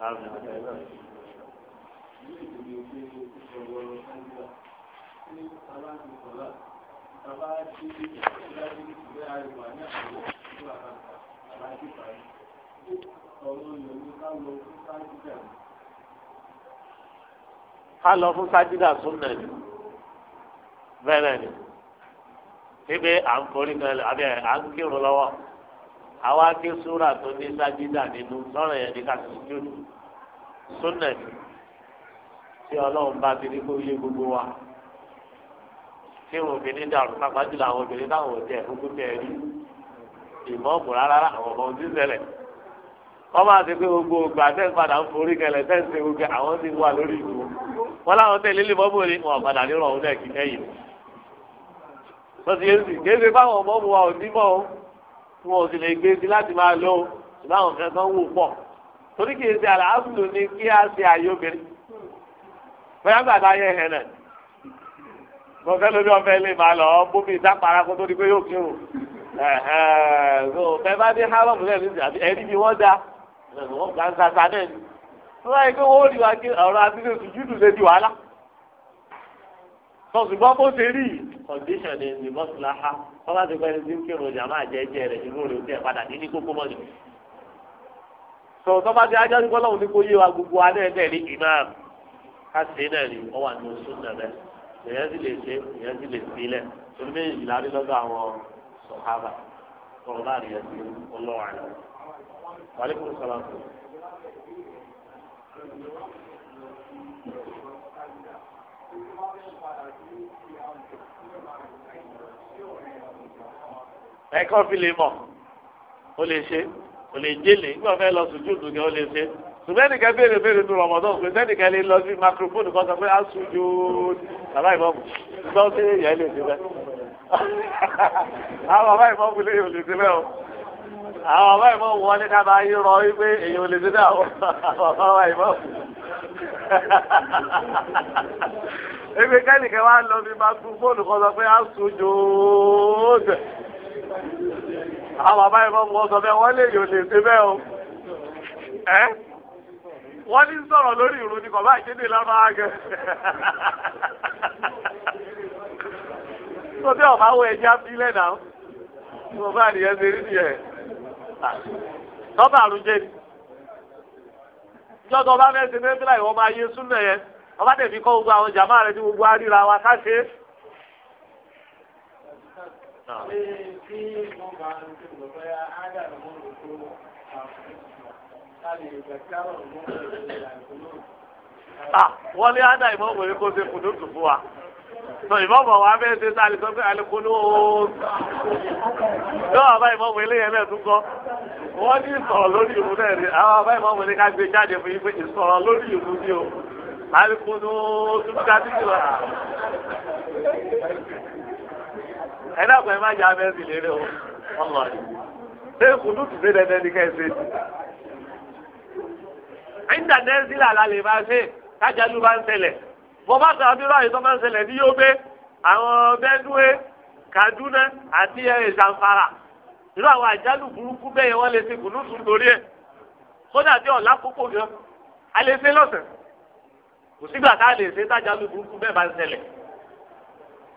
ká lọ fún sájídà súnà ni bẹ́ẹ̀ náà ni síbi à ń forí kan àbí à ń kírun lọ́wọ́ àwa ké súrà tó ní sájídà nínú lọ́rọ̀ yẹn ní ká sùjúdù súnà ní tí ọlọ́run bá ti ní kó yé gbogbo wa tí wọn obìnrin dàrú pàpà jùlọ àwọn obìnrin táwọn ò tẹ gbogbo tẹ rí ìmọ̀ọ́mù rárá àwọn ọmọ ojú sẹlẹ̀ wọ́n máa ti pé gbogbo ògbà tẹ́ ń padà ń forí kẹlẹ̀ tẹ́ ń ṣe gbogbo àwọn ti wà lórí ìlú wọn láwọn tẹ̀lé lè mọ́mú ni wọn padà nírọ̀ òun náà kì tí wọn ò sì lè gbé sí láti máa lọ o ṣùgbọ́n àwọn kan kan wò pọ̀ torí kì í ṣe àlàáfíà ni kí á ṣe àyè obìnrin bóyá gbàdá yẹ hẹn náà mo fẹ́ lórí ọ̀fẹ́ lè máa lọ bómi ìdápara kó tó di pé yóò kí o fẹ́ bá dé hárọ̀mù náà ní ìsìn ẹni ni wọ́n da wọ́n gbà ń sasa náà ni wọ́n wáyé pé wọ́n ó rí wa kí ọ̀rọ̀ sọ ṣùgbọ́n bó ṣe rí condition ni ní mọ́síláhà wọ́n bá ti pẹ́ni tí ń kírun ọjà máa jẹ́ ẹ̀jẹ̀ rẹ̀ inú rẹ̀ tẹ̀ padà ní ní kókó mọ́ni. sọ tó bá ti ajá sí kọ́lọ́hún ní kó yé wa gbogbo adé ẹ̀ ní imam ká ṣe náà ni wọ́n wà ní oṣù náà bẹ́ẹ̀ èèyàn sì lè ṣe èèyàn sì lè sílẹ̀ torí méjì láti lọ́dọ̀ àwọn sọ̀hábà tọrọ láàrin ẹ̀ sí ọlọ́run àná. wàlẹ́kùn sọ́lá ẹ̀kọ́ fi lè mọ̀ ó lè ṣe ó lè jẹ́lẹ̀ nígbà fẹ́ lọ sùjúdù ni ó lè ṣe sùmẹ́nìkẹ́ béèrè béèrè nu rọ̀mọ̀dọ́ pé sẹ́nìkẹ́ lè lọ sí makrofóònù kan sọ pé á sùjú bàbá ìmọ̀mù gbọ́ sí èèyàn lè ṣe bẹ́ẹ̀ àwọn bàbá ìmọ̀mù lè yóò lè ṣe bẹ́ẹ̀ o àwọn bàbá ìmọ̀mù wọn ní kábàá yín rọ wípé èèyàn lè ṣe bẹ́ẹ̀ àwọn bàbá ìmọ̀mù ebi kẹ́nìkẹ́ wa lọ sí makrofóònù kan sọ pé á sùjú àwọn bàbá yìí fọ́ọ̀mù wọn sọ bẹ́ẹ̀ wọ́n lè yò lè ṣe bẹ́ẹ̀ o ẹ́ wọ́n ní sọ̀rọ̀ lórí ìrù ni ha ìkéde ha gẹ̀. tó bí ọ̀bá wo ẹja sílẹ̀ náà tí bá nìyẹn ṣe rí nìyẹn tọ́ba àrùn jẹ́ ni jọ́dọ̀ ọba fẹ́ẹ́ ṣe fẹ́ẹ́ fílà máa yé súnmọ̀ yẹn ọba tẹ̀mí kọ́ gbogbo àwọn jàmáà rẹ ní gbogbo àríra wa ká ṣe é. pé wọ́n bá ádá ìmọ̀ọ́mù yìí kó ṣe kùdùtù fún wa tó ìmọ̀ọ́mù wa bẹ́ẹ̀ ṣe tá lè sọ pé alukunu ooo tó àbá ìmọ̀ọ́mù eléyẹn náà tún kọ́ wọ́n ní ìsọ̀rọ̀ lórí ìlú náà ni àwọn àbá ìmọ̀ọ́mù ní ká gbé jáde fún yín pé ìsọ̀rọ̀ lórí ìlú ni o alukunu tún ká sí ìwà ẹ dàgbọ́ ẹ má yà mẹ́sì lérè o ọlọ rẹ ṣé kùdù tù sí dandan ní kẹsì. íńtánẹ́ẹ̀tì làlá lè máa ṣe kájàlú bá ń ṣẹlẹ̀ bọ́ bá sọ abirú àyè tó máa ń ṣẹlẹ̀ ní yóò gbé àwọn Benue Kaduna àti eh, Zamfara irú àwọn àjálù burúkú bẹ́ẹ̀ yẹn wọ́n lè ṣe kùdù tù lórí ẹ̀ kódà bí ọ̀la kókó gan a lè ṣe lọ́sẹ̀ kò sígbà tá a lè ṣe tájàlú burúkú bẹ́ẹ̀ bá ń ṣẹlẹ̀.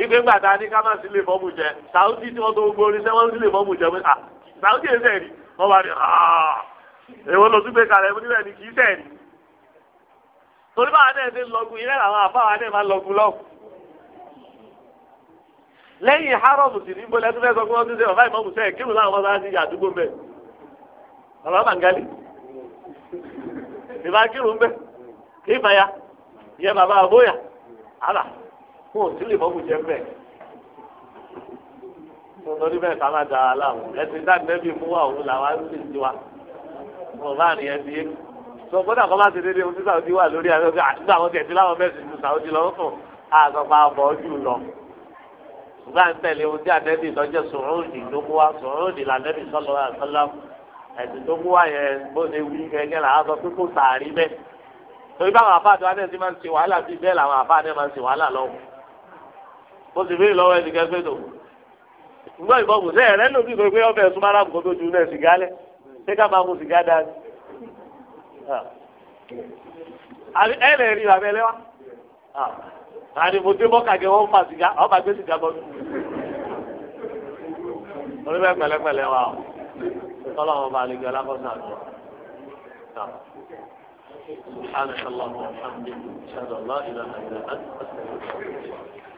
ìgbé ńgbà tá a ní ká má sí lè fọ́ọ̀mù jẹ sàwùdí tí wọ́n tó gbogbo oníṣẹ́ wọ́n sí lè fọ́ọ̀mù jẹ pé ah, sàwùdí ẹ̀ sẹ́ẹ̀rì wọ́n bá ní ah. èwo ló tún gbé kalẹ̀ níbẹ̀ ni kì í sẹ́ẹ̀rì. torí báwa náà ṣe lọgun ilé làwọn àbáwa náà máa lọgun lọ. lẹ́yìn harrods sì ní bọ́lá tó fẹ́ sọ pé wọ́n tún ṣe bàbá sẹ́ẹ̀ kírun láwọn bàbá fún òtí lè mọ́mù jẹ́ bẹ́ẹ̀ tó lórí bẹ́ẹ̀ ká má dára láwọn ẹ̀sìn dáàbì nẹ́bí mú wa òun làwọn á sì ti wa wọn bá rìn ẹbí yé sọ gbọ́dọ̀ kọ́ bá ti dédé ohun tí sàwọ́dí wà lórí àgbẹ̀gbẹ̀ ah, àdúgbò àwọn kẹ̀sí láwọn mẹ́sìn ju sàwọ́dí lọ fún àgbàpá ọbọ̀ ojú lọ ṣùgbọ́n à ń tẹ̀lé ohun tí ànẹ́bí lọ́jọ́ sòrónì ló mú wa sòrónì lànẹ́bí mo sì béèrè lọ́wọ́ ẹnì kẹfẹ́ tó ìgbọ́ ìbọn kò sẹ́yìn rẹ lóbi kò pé ọbẹ̀ súnmọ́ aráàmù kò tó ju náà sìgá lẹ̀ ṣé ká máa mu sìgá dáa ni. àbí ẹ lè rí abẹ́ lẹ́wà àní mo dé mọ́kàgẹ́ wọ́n fa sìgá ọ́ máa gbé sìgá bọ́ mi. olùbẹ́ pẹ̀lẹ́pẹ̀lẹ́ wa o tọ́lọ́mọ bá lè gbé alákọ̀ọ́sán سبحانك اللهم وبحمدك اشهد ان لا اله الا انت استغفرك